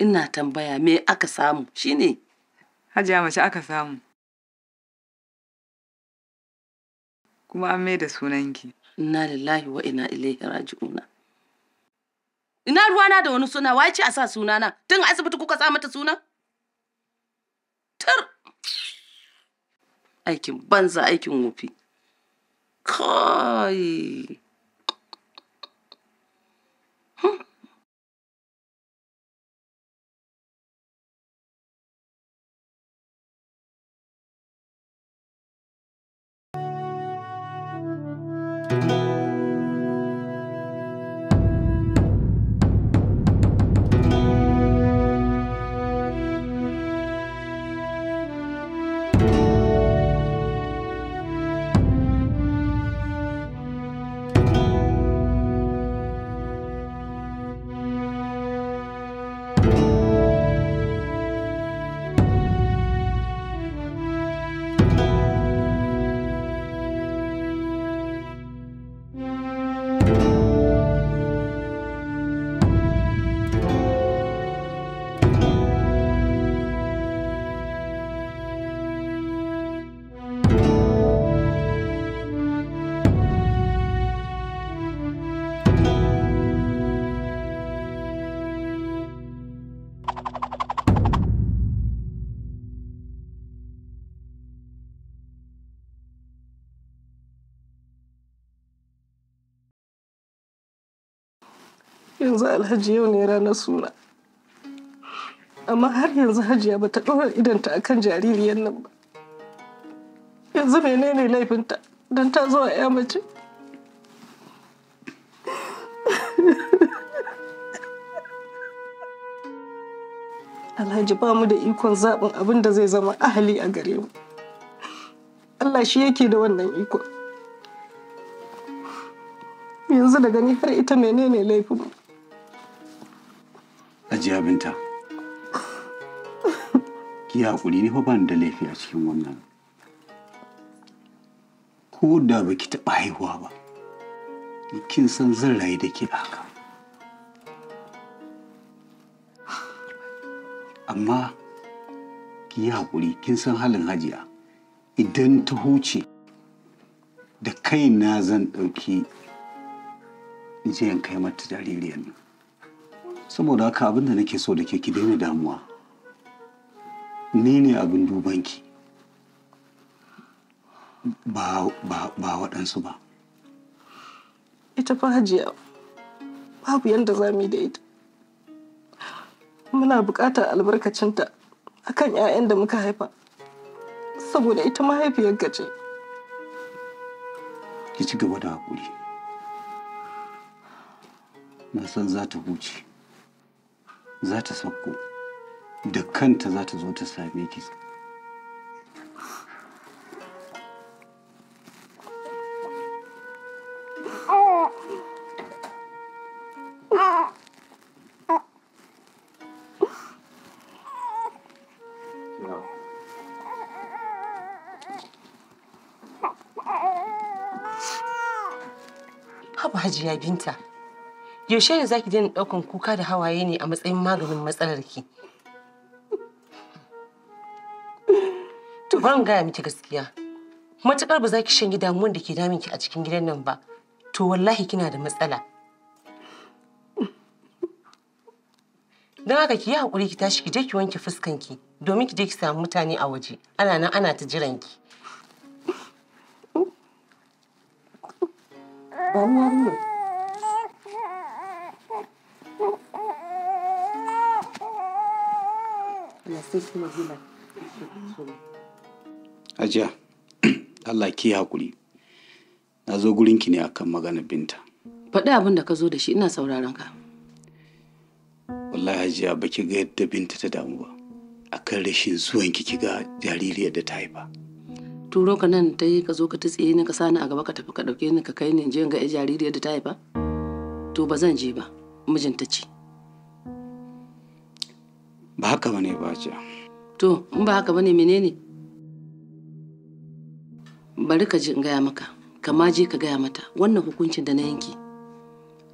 ina tambaya me aka samu shine hajiya mace aka samu kuma an mai da sunanki inna lillahi wa ina ilaihi raji'una ina ruwana da wani suna wai ce a sa sunana tun asibiti kuka sa mata suna tar aikin banza aikin wufi kai yanzu alhaji yau ne ranar suna amma har yanzu hajiya ba ta ɗora idanta akan jaririyar nan ba yanzu menene laifinta don ta zo a ya mace alhaji ba mu da ikon zaɓin abin da zai zama ahali a gare mu allah shi yake da wannan ikon yanzu daga ni har ita menene laifinmu Hajiya Binta. Ki haƙuri ne fa ban da laifi a cikin wannan. Ko da baki taɓa haihuwa ba, kin san zan rayu da ke haka. Amma ki yi haƙuri kin san halin hajiya idan ta huce da kaina zan ɗauki in kai mata jaririyar nan. saboda haka abin da nake so da ke ki daina damuwa ni ne abin dubanki ba waɗansu ba ita fa hajiya babu yadda za mu yi da ita muna buƙatar albarkacinta akan 'ya'yan da muka haifa saboda ita mahaifiyar gace ki ci gaba da haƙuri na san za ta huce za ta sauko da kanta za ta zo ta same ki Hajiya Binta. Yaushe ne zaki daina ɗaukan kuka da hawaye ne a matsayin maganin matsalar ki? To ban gaya miki gaskiya. matukar ba za ki shanye damuwar da ke damun ki a cikin gidan nan ba, to wallahi kina da matsala. Don haka ki yi hakuri ki tashi ki je ki wanke fuskanki domin ki je ki samu mutane a waje. Ana nan ana ta jiran ki. Bani Ajiya, Allah ke hakuri. Na zo gurinki ne akan maganar binta. Faɗi abin da ka zo da shi ina sauraron ka. Wallahi Hajiya ki ga yadda binta ta damu ba. Akan rashin zuwan ki ga jaririyar da ta haifa. Turo ka nan ta yi ka zo ka tsaye ni ka sani a gaba ka tafi ka ɗauke ni ka kai ni in je ga jaririyar da ta haifa? To ba zan je ba, mijinta ce. ba haka bane ba to in ba haka bane menene bari ka ji in gaya maka kama je ka gaya mata wannan hukuncin da na yanke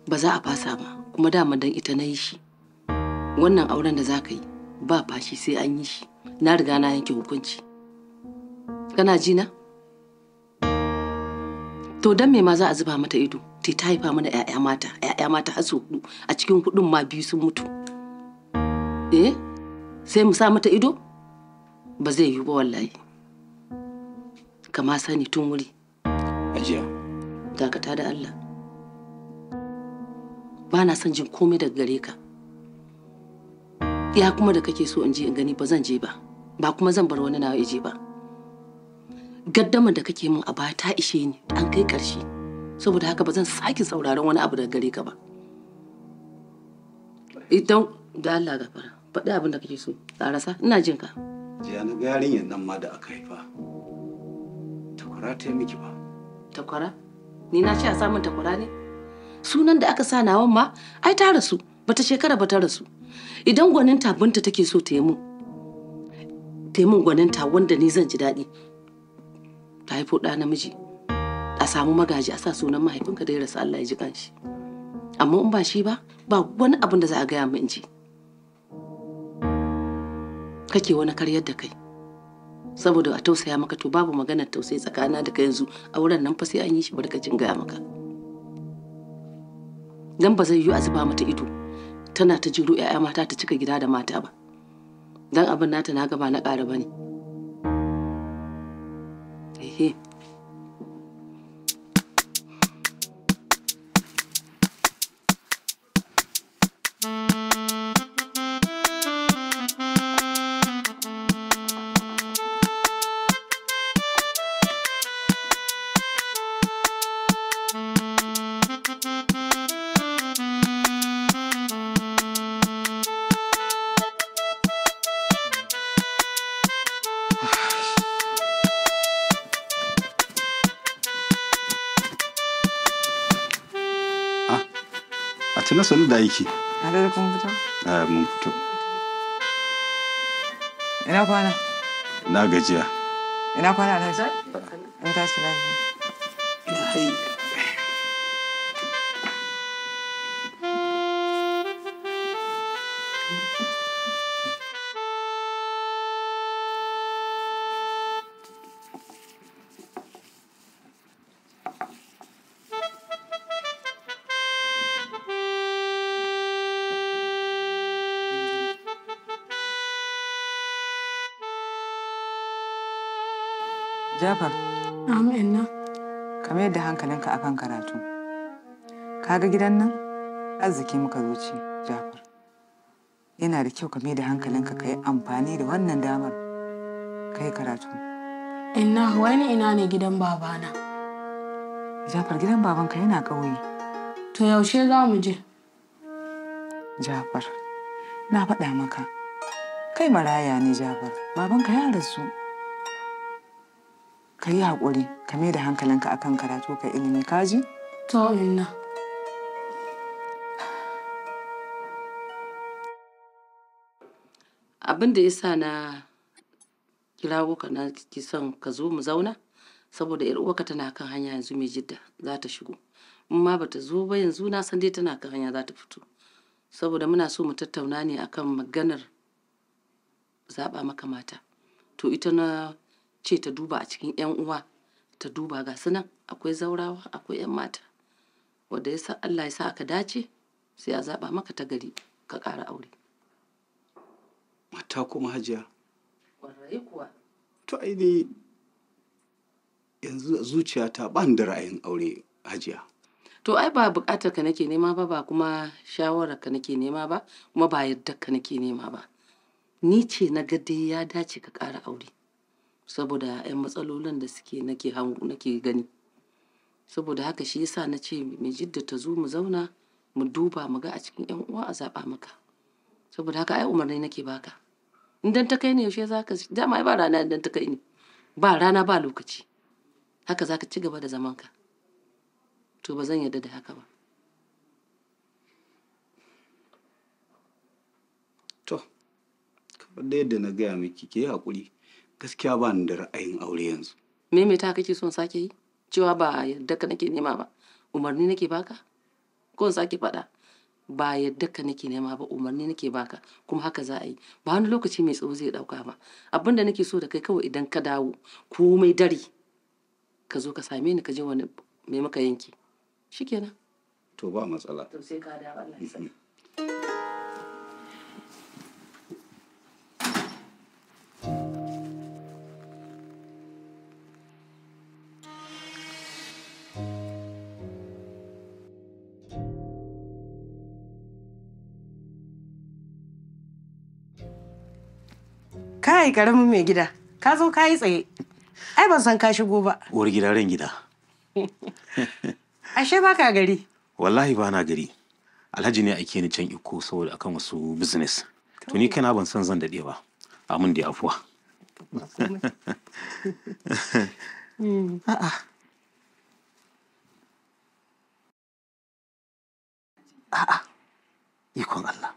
ba za a fasa ba kuma dama dan ita na yi shi wannan auren da za ka yi ba fashi sai an yi shi na riga na yanke hukunci kana ji na to dan me ma za a zuba mata ido ta haifa mana 'ya'ya mata 'ya'ya mata har hudu a cikin hudun ma biyu sun mutu sai mu sa mata ido ba zai yiwu ba wallahi kama sani tun wuri ajiya dakata da Allah ba na son jin komai daga gare ka ya kuma da kake so in je in gani ba zan je ba ba kuma zan bar wani nawa je ba gaddamar da kake min a baya ta ishe ni an kai karshe saboda haka ba zan sake sauraron wani abu daga gare ka ba idan da Allah gafara faɗi abin da kake so tsarasa ina jin ka jiya na ga yarinyar nan ma da aka haifa takwara ta yi miki ba takwara ni na ce a samun takwara ne sunan da aka sa nawan ma ai ta rasu bata shekara bata rasu idan gwanin tabinta take so ta yi mun ta yi mun gwanin ta wanda ni zan ji daɗi ta haifo ɗa namiji a samu magaji a sa sunan mahaifinka da ya rasu Allah ya ji kanshi amma in ba shi ba ba wani abin da za a gaya min in ji kake wani karyar da kai saboda a tausaya maka to babu maganar tausayi tsakana da kai yanzu auren nan fa sai an yi shi barkacin gaya maka dan ba zai yi a zuba mata ido tana ta jiro 'ya'ya mata ta cika gida da mata ba dan abin nata na gaba na ƙara bane ehe sanin da yake a da kun fito a mun fito ina kwana na gajiya ina kwana alhaji in tashi ina Kaga gidan nan? Arziki muka zo ci, Jafar. Yana da kyau ka mai da hankalinka ka yi amfani da wannan damar ka yi karatu. Inna wani ina ne gidan babana? Jafar gidan babanka yana ƙauye. To yaushe za mu je? Jafar, na faɗa maka. Kai maraya ne Jafar, babanka ya rasu. Ka yi haƙuri, ka mai da hankalinka akan karatu ka ilimi kaji? To inna. Abin da ya sa na kirawo ka na ki son ka zo mu zauna, saboda ‘yar uwarka tana kan hanya yanzu mai Jidda za ta shigo. In ma ba ta zo ba yanzu na san dai tana kan hanya za ta fito. Saboda muna so mu tattauna ne akan maganar zaba maka mata. To ita na ce ta duba a cikin ‘yan uwa, ta duba ga sunan akwai zaurawa akwai ‘yan mata. Wadda ya sa Allah ya sa aka dace sai a zaba maka ta gari ka ƙara aure. mata kuma hajiya kuwa to ai ne yanzu zuciya ta ban da ra'ayin aure hajiya to ai ba bukatar ka nake nema ba ba kuma shawarar ka nake nema ba kuma ba yadda ka nake nema ba ni ce na ga dai ya dace ka kara aure saboda 'yan matsalolin da suke nake nake gani saboda haka shi yasa na ce mai jidda ta zo mu zauna mu duba mu ga a cikin 'yan uwa a zaɓa maka saboda haka ai umarni nake baka idan ta kai ne yaushe za ka dama ba rana idan ta kai ne ba rana ba lokaci haka za ka ci gaba da zamanka to ba zan yarda da haka ba to kamar da yadda na gaya miki ke hakuri gaskiya ba ni da ra'ayin aure yanzu me me ta kake son sake yi cewa ba yadda ka nake nema ba umarni nake baka ko sake faɗa ba yadda ka nake nema ba umarni nake baka kuma haka za a yi ba wani lokaci mai tsawo zai dauka ba abin da nake so da kai kawai idan ka dawo komai dare ka zo ka same ni ka je wani mai maka yanki shikenan to ba matsala to sai ka dawo Allah ya kai karamin mai gida ka zo ka yi tsaye ai ban san ka shigo ba uwar gida ran gida ashe ba ka gari wallahi ba na gari alhaji ne ake ni can iko saboda akan wasu business to ni kaina ban san zan daɗe ba amin da afuwa a'a hmm. a'a ikon Allah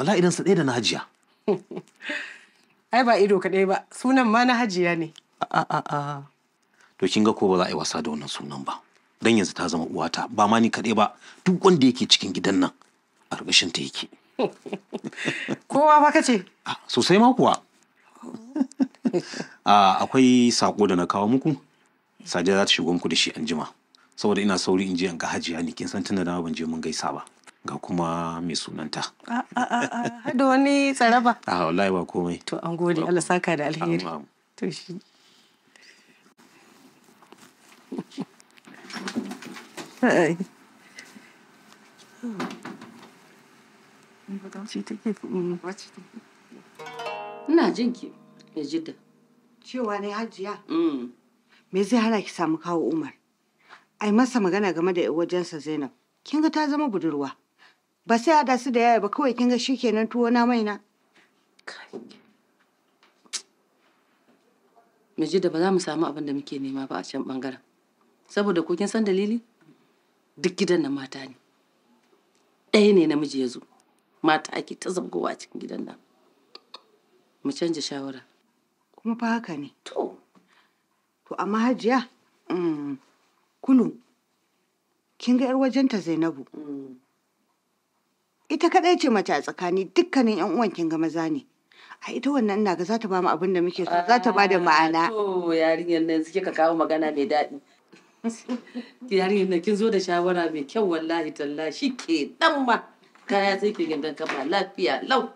wala idan su ɗaya da na hajiya ai ba ido kaɗai ba sunan ma na hajiya ne a'a to kin ga ko ba za a yi wasa da wannan sunan ba dan yanzu ta zama uwata ba ma ni kaɗai ba duk wanda yake cikin gidan nan a rugashin ta yake kowa ba kace sosai ma kuwa akwai sako da na kawo muku Sajiya za ta shigo muku da shi anjima saboda ina sauri in je in ga hajiya ne kin san tunda na ban je mun gaisa ba ga kuma mai sunanta. Ah, ah, ah, Hada wani tsaraba. A wallahi ba komai. To an gode Allah saka da alheri. To shi. Mm, Ina jin ki, ya Ejida. Cewa ne hajiya? Mm. Me zai hana ki samu kawo Umar? Ai masa magana game da wajensa Zainab. Kin ga ta zama budurwa. ba sai hada su da yaya ba kawai kin ga shikenan tuwo na maina miji da ba za mu samu abin da muke nema ba a can bangaren saboda ko kin san dalili duk gidan nan mata ne ɗaya ne namiji ya zo mata ake ta zabgowa a cikin gidan nan mu canja shawara kuma fa haka ne to to amma hajiya mm, kulu kin ga 'yar wajenta zainabu mm. ita kadai ce mace a tsakani dukkanin yan uwan kin ga maza ne a ita wannan na ga za ta ba mu abin da muke so za ta ba da ah, ma'ana to yarinyar nan suke ka kawo magana mai daɗi yarinyar nan kin zo da shawara mai kyau wallahi talla shi ke dan ma kaya sai ke gindan kafa lafiya lau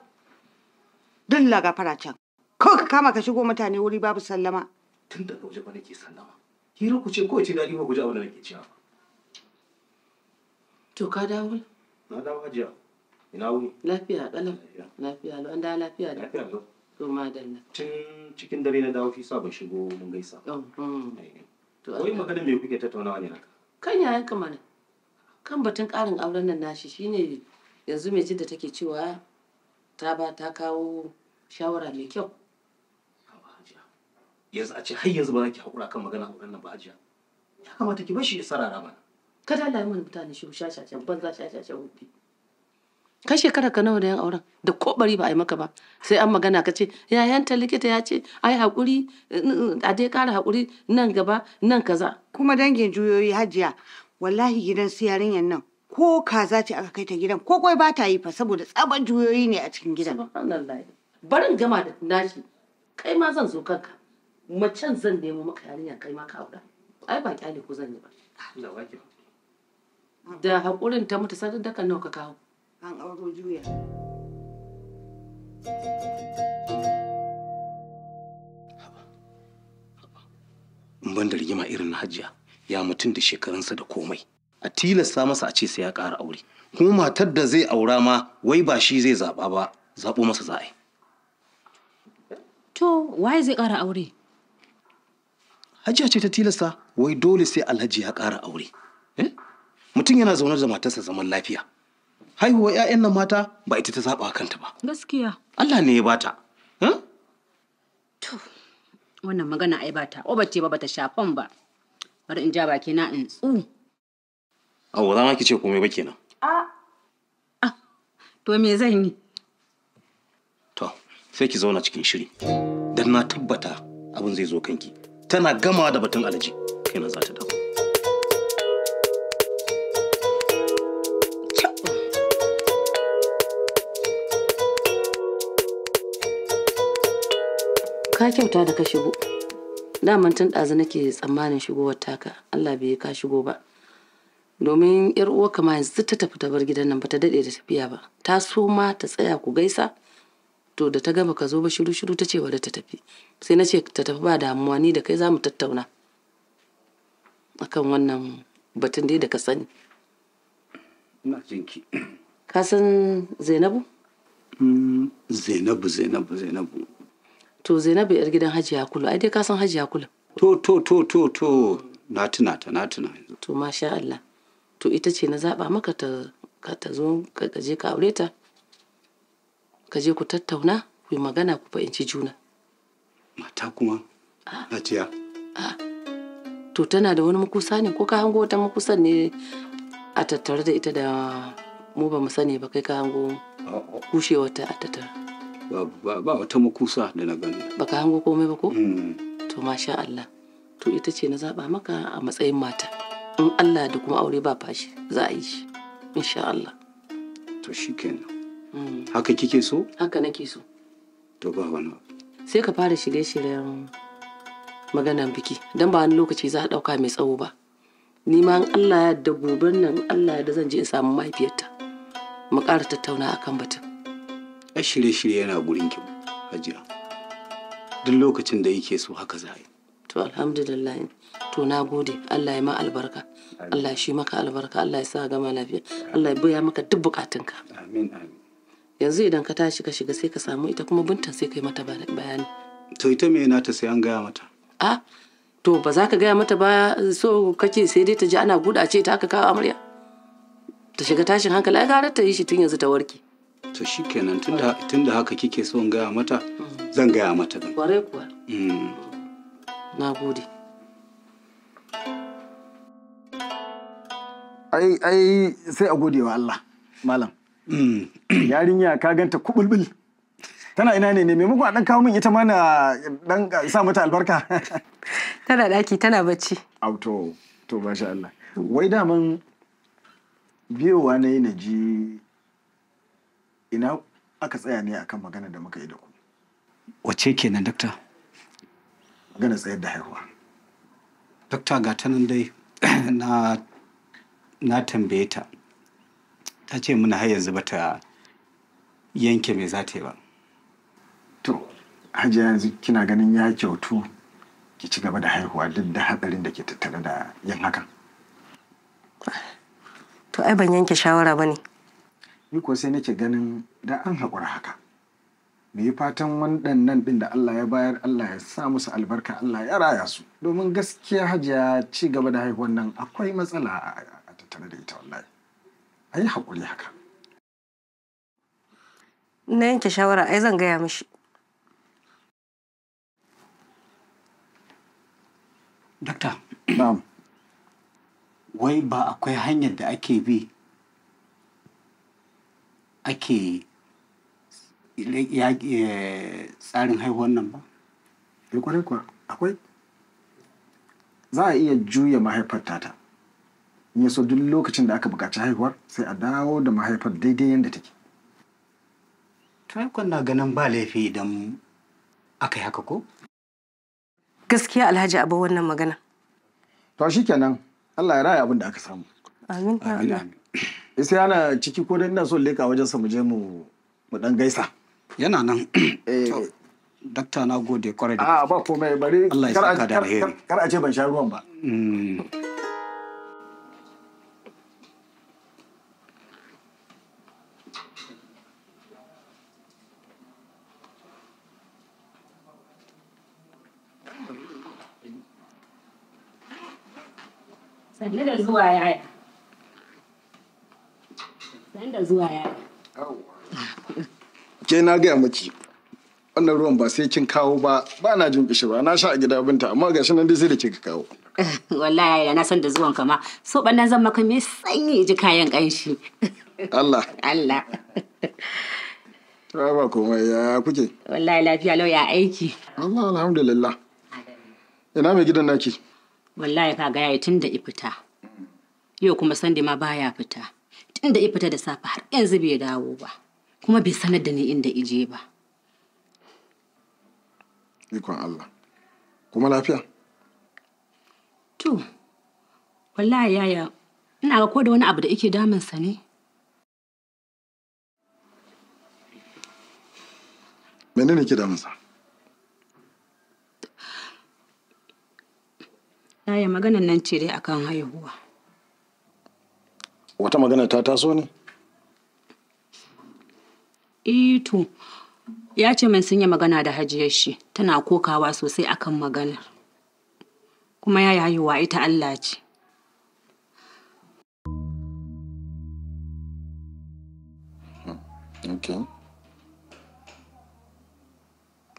dun laga fara can ko ka kama ka shigo mutane wuri babu sallama tun da waje ba nake sallama hira ku ce kawai ce daɗi ba guje a abin da nake cewa to ka dawo na dawo hajiya ina wuni lafiya kalam lafiya lo an da lafiya da lafiya lo to madalla tun cikin dare na dawo shi sa ban shigo mun gaisa oh, hmm. eh, eh. to wai magana me kuke tattaunawa ne naka kan yayan ka mana kan batun karin auren nan nashi shine yanzu mai jidda take cewa ta ba ta kawo shawara mai kyau yanzu a ce har yanzu ba za ki haƙura kan magana auren nan ba hajiya ya kamata ki bar shi ya sarara mana kada Allah ya mana mutane shi shashashen banza shashashen hudu Kai shekara ka nawa da yan auren da ko bari ba a yi maka ba sai an magana ka ce yayanta likita ya ce ai hakuri a dai kara hakuri nan gaba nan kaza. Kuma dangin juyoyi hajiya wallahi gidan su yarinyar nan ko kaza ce aka kai ta gidan ko kwai ba ta yi fa saboda tsaban juyoyi ne a cikin gidan. Barin gama da nashi kai ma zan zo kanka macen zan nemo maka yarinya kai ma ka aura. Ai ba kyale ko zan yi ba. Da hakurin ta mutu sadar da kan nawa ka kawo. an auro juya ban da rigima irin na hajiya ya mutum da shekarunsa da komai a tilasta masa a ce sai ya ƙara aure kuma matar da zai aura ma wai ba shi zai zaɓa ba zaɓo masa za to waye zai ƙara aure hajiya ce ta tilasta wai dole sai alhaji ya ƙara aure eh? mutum yana zaune da matarsa zaman lafiya haihuwa 'ya'yan nan mata ba ita ta zaɓa kanta ba. Gaskiya. Allah ne ya bata. To, wannan magana ai ba ta ce ba ta shafan ba. Bari in ja baki na in tsu. Awo za ce komai ba kenan. A. To me zan yi? To, sai ki zauna cikin shiri. Dan na tabbata abin zai zo kanki. Tana gama da batun alaji. Kenan za ta dawo. Ka kyauta da ka shigo. Daman tun ɗazu nake tsammanin shigowar taka, Allah bai ka shigo ba. Domin ‘yar uwarka ma yanzu ta tafi ta bar gidan nan ba ta daɗe da tafiya ba. Ta so ma ta tsaya ku gaisa, to da ta gaba ka zo ba shiru shiru ta ce da ta tafi. Sai na ce ta tafi ba damuwa ni da kai za mu tattauna. Akan wannan batun dai da ka sani. Ina Ka san Zainabu? Mm, Zainabu, Zainabu, Zainabu. to zainabu yar gidan hajiya Yakulu, ai dai ka san hajiya Yakulu. to to to to to na tuna ta na tuna to masha Allah to ita ce na zaba maka ta ka ta zo ka je ka aure ta ka je ku tattauna ku yi magana ku fahimci juna mata kuma ah. hajiya ah. to tana da wani makusa ne ko ka hango wata makusa ne a tattare da ita da mu ba mu sani ba kai ka hango kushewa ta a tattare ba wata makusa da na gani baka hango komai ba ko mm. to masha Allah to ita ce na zaba maka a matsayin mata in Allah da kuma aure ba fashi za a yi shi insha Allah to shikenan mm. haka kike so haka nake so to ba wani sai ka fara shirye-shiryen maganan biki don ba wani lokaci za a ɗauka mai tsawo ba ni ma in Allah ya da gobe nan Allah ya da zan je in samu mahaifiyarta mu ƙara tattauna akan batun ai shirye-shirye yana gurin ki hajiya duk lokacin da yake so haka za yi to alhamdulillah to na gode Allah ya ma albarka Allah shi maka albarka Allah ya sa gama lafiya Allah ya buya maka duk bukatunka amin amin yanzu idan ka tashi ka shiga sai ka samu ita kuma bintan sai kai mata bayani to ita me yana ta sai an gaya mata a to ba za ka gaya mata ba so kake sai dai ta ji ana guda ce ta aka kawo amarya ta shiga tashin hankali ai gara ta yi shi tun yanzu ta warke to shi kenan da haka kike son gaya mata zan gaya mata din kware kuwa mm. na gode ai ai sai a gode wa Allah malam mm. yarinya ka ganta kubulbul tana ina ne ne maimakon a dan kawo min ita mana na dan sa mata albarka tana daki tana bacci auto to masha Allah wai daman biyowa na yi na ji ina aka tsaya ne akan magana da muka yi da ku wace kenan dakta magana tsayar da haihuwa dakta ga ta nan dai na na tambaye ta ta ce muna har yanzu bata yanke me za ta yi ba to hajiya yanzu kina ganin ya kyautu ki ci gaba da haihuwa duk da hatsarin da ke tattare da yin hakan to ai ban yanke shawara ba ne ni ko sai nake ganin da an haƙura haka me yi fatan waɗannan ɗin da Allah ya bayar Allah ya sa musu albarka Allah ya raya su domin gaskiya hajiya ci gaba da haihuwan nan akwai matsala a tattare da ita wallahi a yi haƙuri haka na yanke shawara ai zan gaya mishi dakta wai ba akwai hanyar da ake bi ake tsarin haihuwan nan ba? Eh, kwarai kuwa akwai za a iya juya mahaifar tata in so duk lokacin da aka buƙaci haihuwar sai a dawo da mahaifar daidai yadda take tuwaikon na ganin ba laifi idan aka yi haka ko gaskiya alhaji abu wannan magana to kenan allah ya raya abin da aka samu amin amin sai ana ciki ko ina so leka wajen sa mu je mu mu dan gaisa yana nan eh. dakta na gode kwarai da a ba komai bari Allah ya saka da alheri kar a ce ban sha ruwan ba hmm. Sannu da zuwa yaya. Sanda zuwa Ke na gaya miki. Wannan ruwan ba sai kin kawo ba, ba na jin kishi ba, na sha a gida binta, amma ga shi nan dai sai da ka kawo. Wallahi ya na san da zuwan kama, so ɓannan zan maka me sanyi ji kayan ƙanshi. Allah. Allah. Ba komai ya kuke? Wallahi lafiya lau ya aiki. Allah alhamdulillah. Ina mai gidan naki? Wallahi ka ga yayi tun da ifita. Yau kuma sande ma baya fita. tun ifita ya fita da safe har yanzu bai dawo ba kuma bai sanar da ni inda ije ba ikon Allah kuma lafiya to wallahi yaya ina ga ko da wani abu da yake damunsa ne menene ke damunsa yaya maganan nan ce dai akan haihuwa wata magana ta taso ne? Ito, eh ya ce min sun yi magana da hajiyar shi tana kokawa sosai akan magana Kuma ya wa ita Allah ce. Hmm, okay.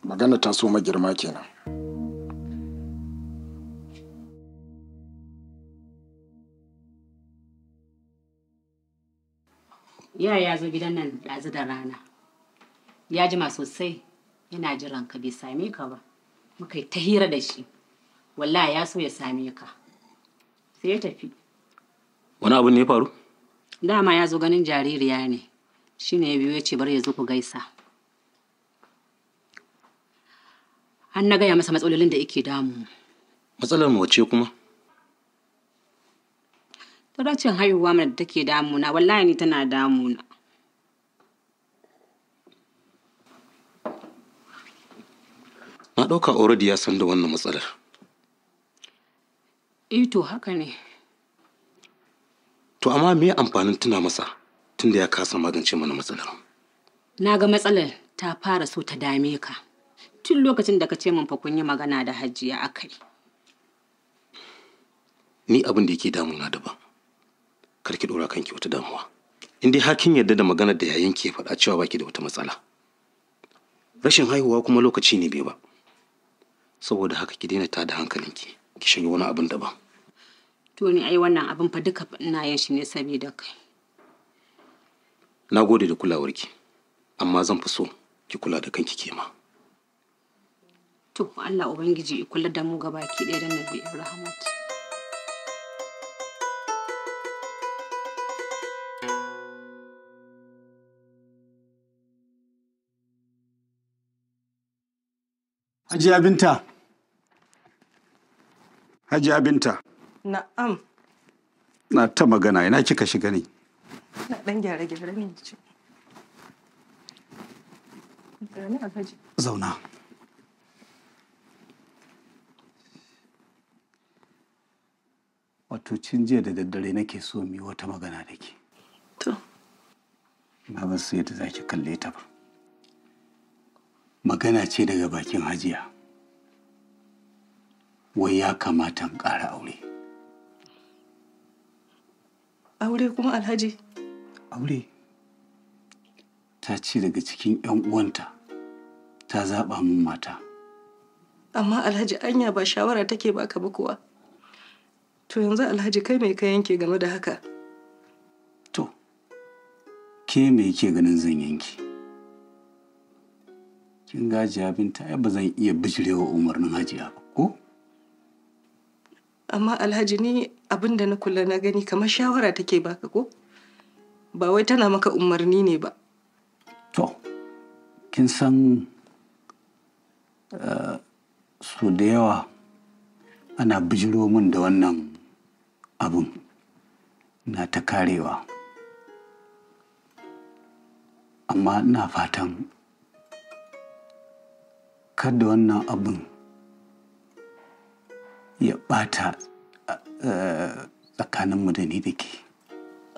Magana taso so magirma kenan. ya ya zo gidan nan ɗazu da rana. Ya jima sosai yana jiran ka bai same ka ba. Muka yi ta hira da shi. Wallahi ya so ya same ka. Sai ya tafi. Wani abu ne faru? Dama ya zo ganin jaririya ne. Shi ne ya biyo ya ce bar ya zo ku gaisa. An na gaya masa matsalolin da yake damu. Matsalar mu wace kuma? ta haihuwa mana da take damuna wallahi ni tana damuna na ɗauka already ya san da wannan matsalar eh to haka ne to amma me amfanin tuna masa tunda ya kasa magance mana matsalar na ga matsalar ta fara so ta dame ka tun lokacin da ka ce min fa kun yi magana da hajiya akai ni abin da yake damuna daban kar ki dora kanki wata damuwa in dai har kin yarda da maganar da yayin ke faɗa cewa baki da wata matsala rashin haihuwa kuma lokaci ne bai ba saboda haka ki daina tada hankalinki ki shiga wani abin daban to ni ai wannan abin fa duka ina yin shi ne saboda kai na gode da kulawarki amma zan fi so ki kula da kanki ke ma to Allah ubangiji ya kula da mu gaba ki ɗaya da nabi Rahmat Hajiya Binta. Hajiya Binta. Na'am. Na ta magana ina kika shiga ne? Na ɗan gyara gyara ne ce. Zauna. Wato cin jiya da daddare nake so mu yi wata magana da ke. To. Ba ba su yadda za ki kalle ta ba. magana ce daga bakin hajiya wai ya kamata in ƙara aure aure kuma alhaji aure ta ce daga cikin 'yan uwanta ta zaɓa min mata amma alhaji anya ba shawara take baka ba kuwa to yanzu alhaji kai mai ka yanke game da haka to ke me ke ganin zan yanke kin ga hajiya binta ta ba zan iya bijirewa umarnin hajiya ba ko amma alhaji ni abin da na kula na gani kamar shawara take baka ko ba wai tana maka umarni ne ba to kin san eh, su da yawa ana bijiro min da wannan abin na ta karewa amma ina fatan kada wannan abin ya ɓata tsakanin da ni da ke.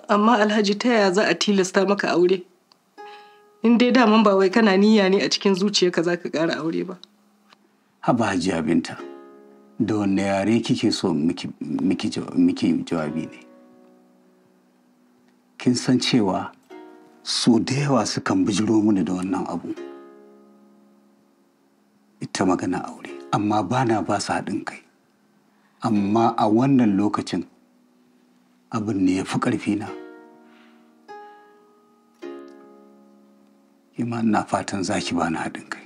Amma Alhaji ta yaya za a tilasta maka aure? In dai daman ba wai kana niyya ne a cikin zuciyarka za ka ƙara aure ba. Haba Hajiya Binta, da wanne yare kike so miki jawabi ne? Kin san cewa so da yawa sukan bijiro mini da wannan abu. ta magana aure amma ba na ba su haɗin kai amma a wannan lokacin abin ne ya fi na, ima na fatan za ki ba na haɗin kai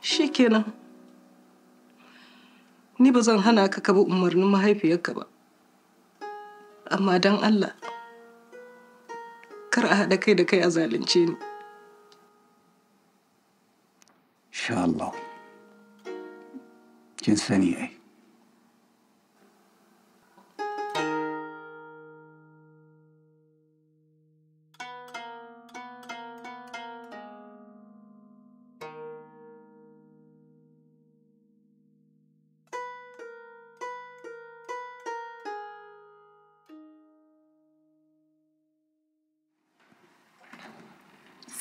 shi kenan ni ba zan hana ka kaba umarnin mahaifiyarka ba amma don allah kar a haɗa kai da kai a zalunce ni الله جنس ثاني أي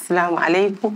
السلام عليكم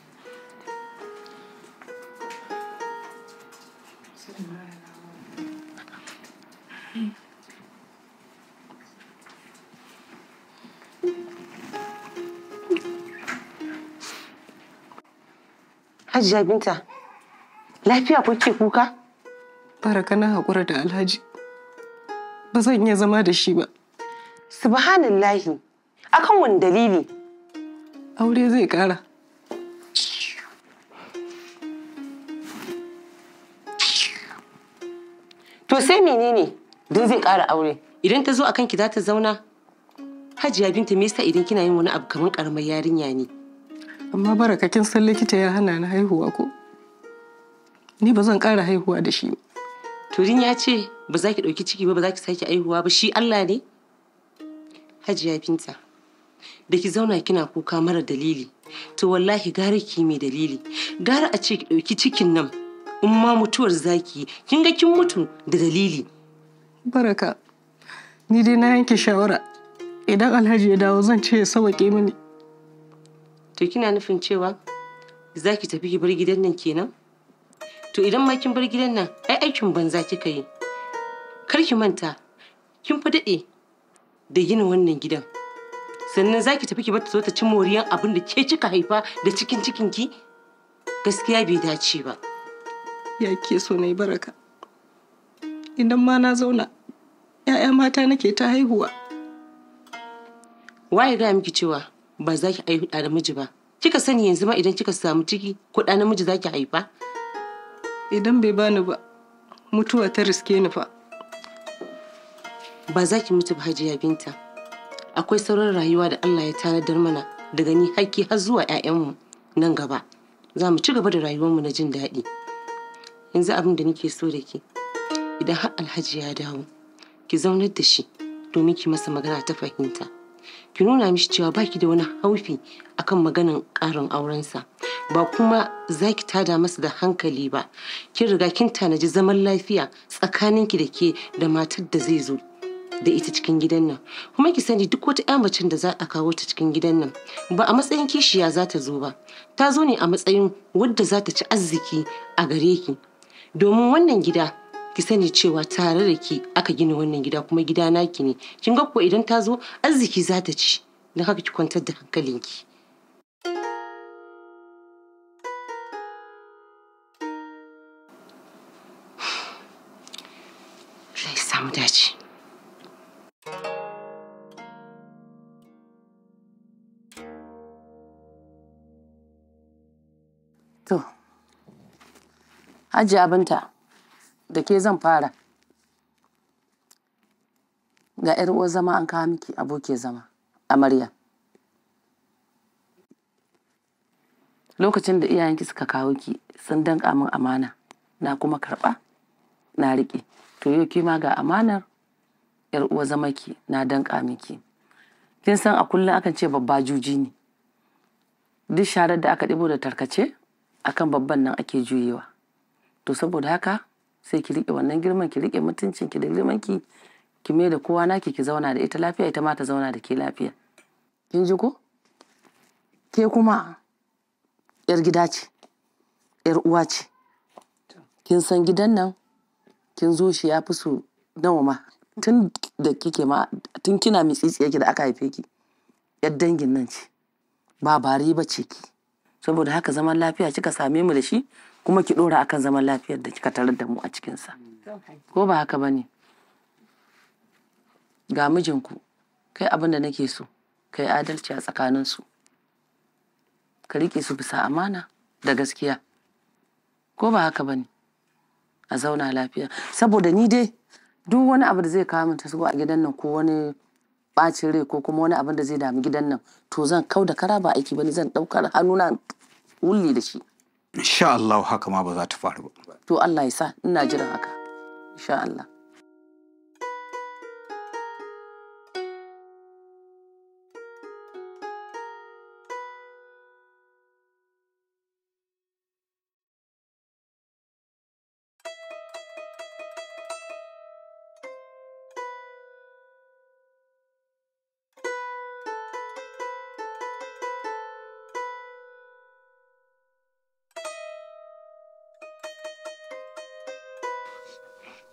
Hajiya Binta, lafiya kuke kuka? Baraka na haƙura da Alhaji. Ba zan iya zama da shi ba. Subhanallahi, akan wani dalili? Aure zai ƙara. To sai menene don zai ƙara aure? Idan ta zo a ki za ta zauna? Hajiya Binta me yasa idan kina yin wani abu kamar ƙaramar yarinya ne? amma baraka san likita ya hana ni haihuwa ko ni ba zan ƙara haihuwa da shi ba turin ya ce ba za ki ɗauki ciki ba ba za ki sake haihuwa ba shi Allah ne hajiya binta da ki zauna kina kuka mara dalili to wallahi gara ki mai dalili gara a ce ki ɗauki cikin nan in ma mutuwar zaki kin ga kin mutu da dalili baraka ni dai na yanke shawara idan alhaji ya dawo zan ce ya sauke mini To kina nufin cewa za ki tafi ki bar gidan nan kenan? To idan ma kin bar gidan nan, ai aikin banza kika yi. Kar ki manta, kin fa daɗe da gina wannan gidan. Sannan za ki tafi ki bar ta zo ta ci moriyan abin da ke kika haifa da cikin cikin ki? Gaskiya bai dace ba. Ya ke so na yi baraka. Idan ma na zauna, 'ya'ya mata nake ta haihuwa. Waye gaya miki cewa ba za ki haihu da namiji ba kika sani yanzu ma idan kika samu ciki ko da namiji za ki haifa idan bai bani ba mutuwa ta riske ni fa ba za ki mutu ba hajiya binta akwai sauran rayuwa da Allah ya tanadar mana daga ni hakki har zuwa 'ya'yanmu nan gaba za mu ci gaba da rayuwarmu na jin daɗi yanzu abin da nake so da ke idan har alhaji ya dawo ki zaunar da shi domin ki masa magana ta fahimta. ki nuna mishi cewa baki da wani haufi akan maganan ƙarin aurensa ba kuma za ki tada masa da hankali ba kin riga kin tanaji zaman lafiya tsakaninki da ke da matar da zai zo da ita cikin gidan nan kuma ki sani duk wata 'ya macen da za a kawo ta cikin gidan nan ba a matsayin kishiya za ta zo ba ta zo ne a matsayin wadda za ta ci arziki a gare ki domin wannan gida ki sani cewa tare da ki aka gina wannan gida kuma gida naki ne kin ga kuwa idan ta zo arziki za ta ci don haka ki kwantar da hankalinki ki. abinta. da ke zan fara ga yar uwar zama an kawo miki aboki zama amarya lokacin da iyayenki suka kawo ki sun danka min amana na kuma karɓa na riƙe to yau kima ga amanar yar uwa zama ki na danka miki kin san a kullum akan ce babba juji ne duk sharar da aka ɗibo da tarkace akan babban nan ake juyewa to saboda haka sai ki rike wannan girman ki rike mutuncin ki da girman ki ki mai da kowa naki ki zauna da ita lafiya ita ma ta zauna da ke lafiya kin ji ko ke kuma yar gida ce yar uwa ce kin san gidan nan kin zo shi ya fi su nawa ma tun da kike ma tun kina mitsitsiyar ki da aka haife ki yar dangin nan ce ba bari ba ce ki saboda haka zaman lafiya kika same mu da shi kuma ki dora akan zaman lafiyar da kika tarar da mu a cikinsa ko ba haka bane ga mijinku kai abin da nake so kai adalci a tsakaninsu ka riƙe su bisa amana da gaskiya ko ba haka bane a zauna lafiya saboda ni dai duk wani abu da zai kawo min a gidan nan ko wani bacin rai ko kuma wani abin da zai damu gidan nan to zan kau da kara ba aiki bane zan ɗaukar hannuna wulli da shi insha Allah haka ma ba za ta faru ba to Allah ya sa ina jiran haka insha Allah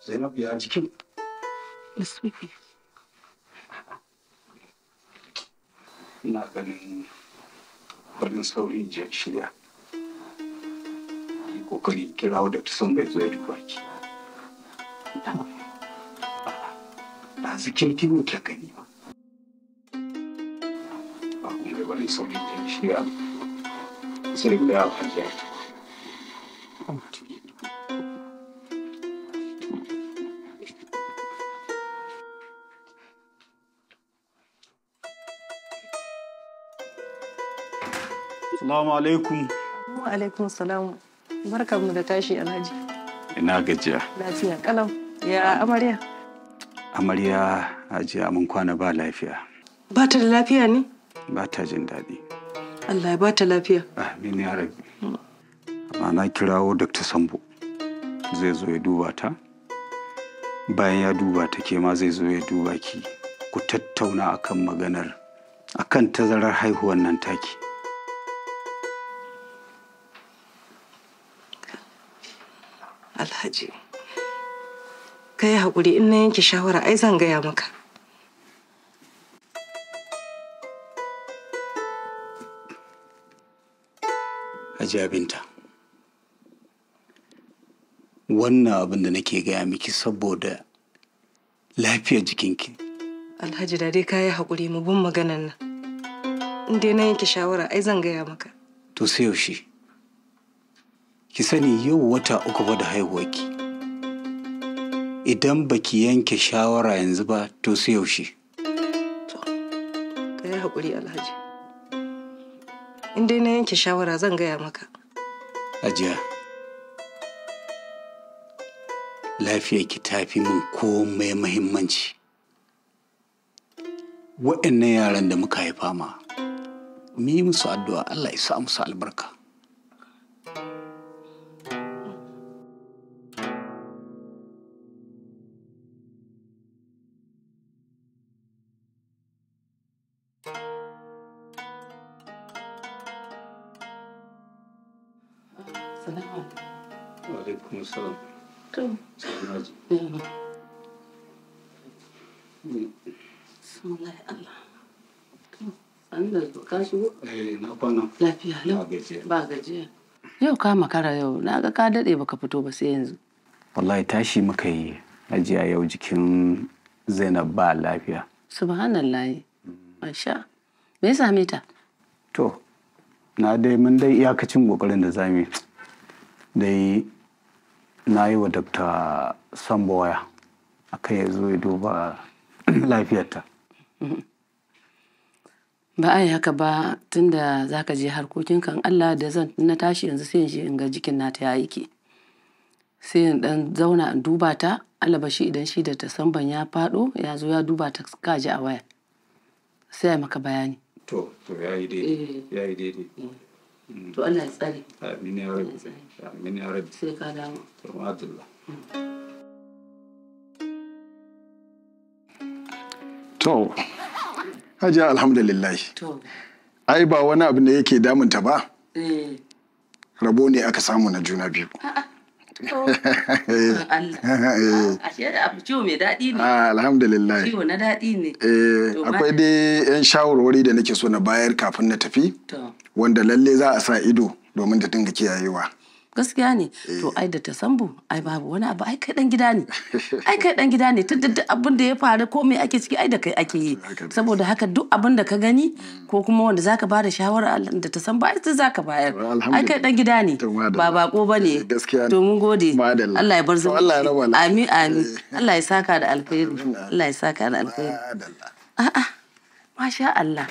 Zainab ya jikin. Ina ganin barin saurin je shirya. Yi kokari kirawo da tusan bai zo ya duba ki. Da zikin kin ka gani ba. Ba kuma barin saurin je shirya. Sai ya Assalamu alaikum. Wa alaikum salam. Barkanmu da tashi Alhaji. Ina gajiya. Lafiya kalam. Ya amarya. Amarya Hajiya mun kwana ba lafiya. Ba ta da lafiya ne? Ba ta jin daɗi. Allah ya ba ta lafiya. Amin ya rabbi. Amma na kirawo Dr. Sambo. Zai zo ya duba ta. Bayan ya duba ta ke ma zai zo ya duba ki. Ku tattauna akan maganar akan tazarar haihuwar nan taki. Alhaji. Ka yi haƙuri in na yanke shawara ai zan gaya maka. Haji Binta. Wannan abin da nake gaya miki saboda lafiyar jikinki. Alhaji da dai ka yi haƙuri mu bin maganan nan. In dai na yanke shawara ai zan gaya maka. To sai yaushe. ki sani yau wata uku ba da ki idan baki yanke shawara yanzu ba to sai yaushe ka yi haƙuri alhaji in dai na yanke shawara zan gaya maka ajiya lafiyarki ta fi min komai mahimmanci waɗannan yaran da muka haifa ma mu yi musu addu'a Allah ya sa musu albarka Eh, yau ka makara yau, na ga ka daɗe baka fito ba sai yanzu. Wallahi tashi muka yi ajiya yau jikin Zainab ba lafiya. Subhanallah. Masha. Me ya same ta? To, na dai mun dai iyakacin kokarin da zamu dai na yi wa dokta Sambo waya akai ya zo ya duba lafiyarta. Mm-hmm. ba a yi haka ba tun da za ka je harkokin kan Allah da zan na tashi yanzu sai in je in ga jikin nata yayi ke sai in dan zauna in duba ta alabashi idan shi da tasamban ya fado ya zo ya duba ta kaji a waya sai ya maka bayani to to ya yi daidai eh. ya yi daidai mm. to Allah ya tsare amin ya rabbi amin ya rabbi sai ka damu to mm. to Hajiya alhamdulillah. Ai ba wani abu ne yake damunta ba? Eh. Rabo ne aka samu na juna biyu. Alhamdulillah. Ciwo na daɗi ne. Eh, akwai dai 'yan shawarwari da nake so na bayar kafin na tafi, wanda lalle za a sa ido domin ta dinga kiyayewa. gaskiya ne to eh. ai da tasambu ai babu wani abu ai kai dan gida ne ai kai dan gida ne tun da abin da ya faru ko me ake ciki ai da kai ake yi saboda haka duk abin da ka gani mm. ko kuma wanda zaka ba da shawara da tasambu ai sai zaka bayar ai kai dan gida ne ba bako bane to mun gode Allah ya bar zuwa amin amin eh. Allah ya saka da alkhairi Allah ya saka da alkhairi a'a masha Allah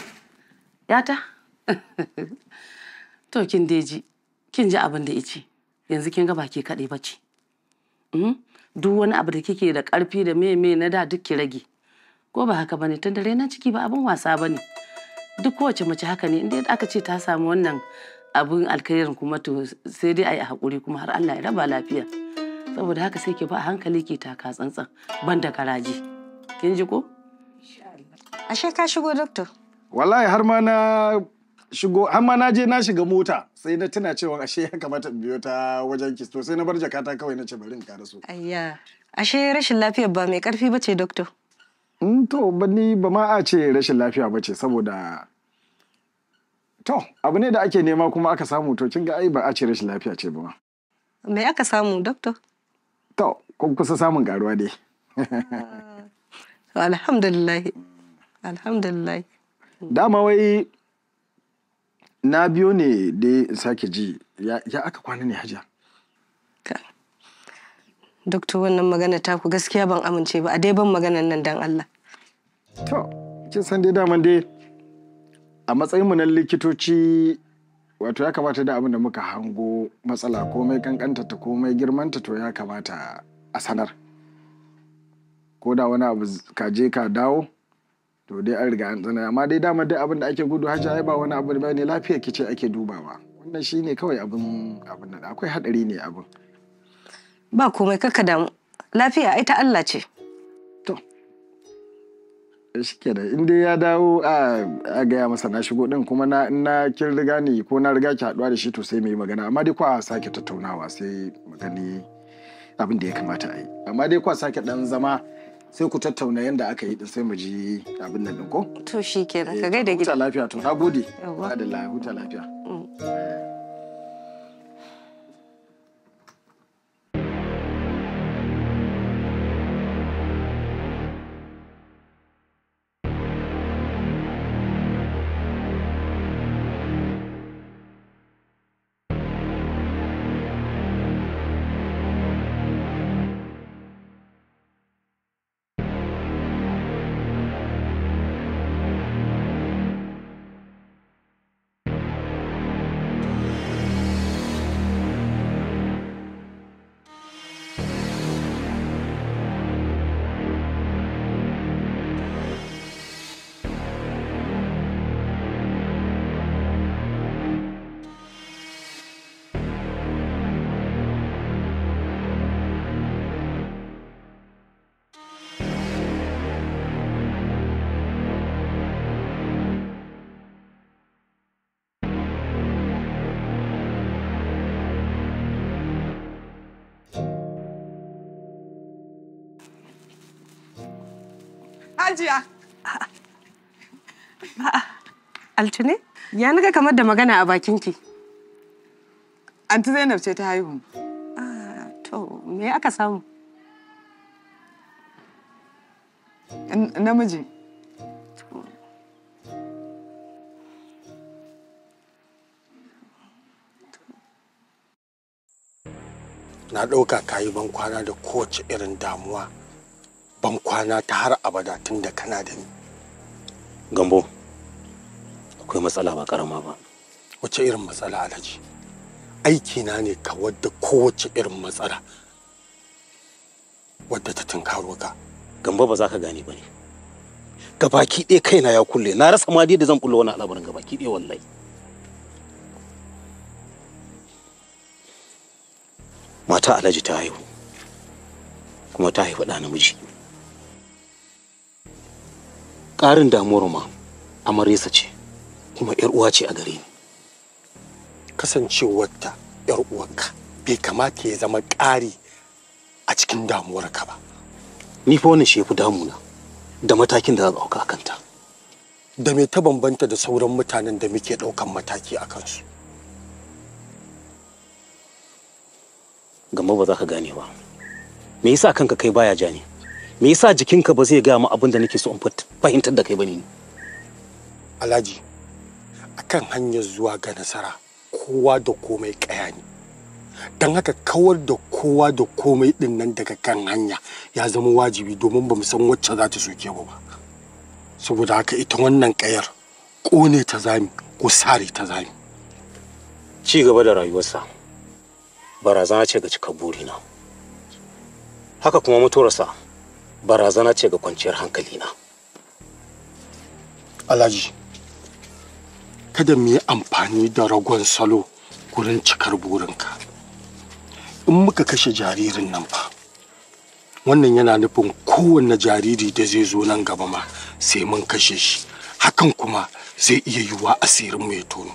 yata to kin deji kin ji abin da ya ce yanzu kin ga baki kaɗai ba ce hmm? duk wani abu da kike da ƙarfi da me me na da duk ki rage ko ba haka bane tun dare na ciki ba abin wasa bane duk kowace mace haka ne inda aka ce ta samu wannan abin alkhairin kuma to sai dai yi hakuri kuma har Allah ya raba lafiya saboda haka sai ki ba a hankali ki taka tsantsan ban da garaje kin ji ko ashe ka shigo doctor wallahi har ma na shigo har ma na je na shiga mota sai na tuna cewa ashe ya kamata in biyo ta wajen ki to sai na bar jakata kawai na ce bari in ƙara so. Ayya ashe rashin lafiyar ba mai ƙarfi ba ce doctor. Mm, to ba ni ba ma a ce rashin lafiya ba ce saboda to abu ne da ake nema kuma aka samu to kin ga ai ba a ce rashin lafiya ce ba ma. Me aka samu doctor? To kun kusa samun karuwa dai. Ah. Alhamdulillah. Alhamdulillah. Dama wai na biyo ne dai in sake ji ya aka kwana ne hajiya doktor wannan magana ta ku gaskiya ban amince ba a dai ban maganan nan dan Allah. To, kin san dai daman dai a matsayinmu na likitoci wato ya kamata da abin da muka hango matsala komai kankanta ta komai girmanta to ya kamata a sanar. Ko da wani abu ka je ka dawo to dai an riga an tsana amma dai dama dai abin da ake gudu hajji ai ba wani abu ba ne lafiyar ki ce ake dubawa wannan shine kawai abin abin nan akwai hadari ne abin ba komai kaka damu lafiya ai ta Allah ce to eh, shike da in dai ya dawo a gaya masa na shigo din kuma na na kin riga ni ko na riga ki haduwa da shi to sai mu yi magana amma dai ko a sake tattaunawa sai magani abin da ya kamata a yi amma dai ko a sake dan zama sai ku tattauna yadda aka yi da sai mu ji abin nan ko to shi shikenan ka eh, gaida gida huta lafiya to nagode ba da huta lafiya hajiya. Altune, ya naga kamar da magana a bakinki. Anti Zainab ce ta haihu. Ah, to, me aka samu? Namiji. Na ɗauka kayi ban kwana da kowace irin damuwa ban kwana ta har abada tun da kana da ni gambo akwai matsala ba karama ba wace irin matsala alhaji aikina ne ka wadda kowace irin matsala wadda ta tunkaro ka gambo ba za ka gane ba ne gabaki ɗaya kaina ya kulle na rasa ma da zan kulle wani al'amarin gabaki ɗaya wallahi mata alhaji ta haihu kuma ta haifi ɗa namiji ƙarin damuwar ma amaresa ce kuma yar uwa ce a gare ni kasancewarta yar uwarka bai kamata ya zama ƙari a cikin damuwarka ba ni fa wannan shefu damuna da matakin da za ɗauka a kanta da me ta bambanta da sauran mutanen da muke ɗaukan mataki a kansu gama ba za ka gane ba me yasa kanka kai baya ja ne me yasa jikinka ba zai gaya mu abin da nake so in fahimtar da kai ba ne alhaji akan hanyar zuwa ga nasara kowa da komai kaya ne don haka kawar da kowa da komai din nan daga kan hanya ya zama wajibi domin ba mu san wacce za ta soke ba saboda haka ita wannan kayar kone ta zami ko sare ta zami ci gaba da rayuwarsa barazana ce ga cika burina haka kuma mutuwarsa barazana ce ga kwanciyar hankali na. Alhaji, kada mu yi amfani da ragon salo gurin cikar burinka. In muka kashe jaririn nan fa, wannan yana nufin kowanne jariri da zai zo nan gaba ma sai mun kashe shi, hakan kuma zai iya yiwa asirin mu ya tono.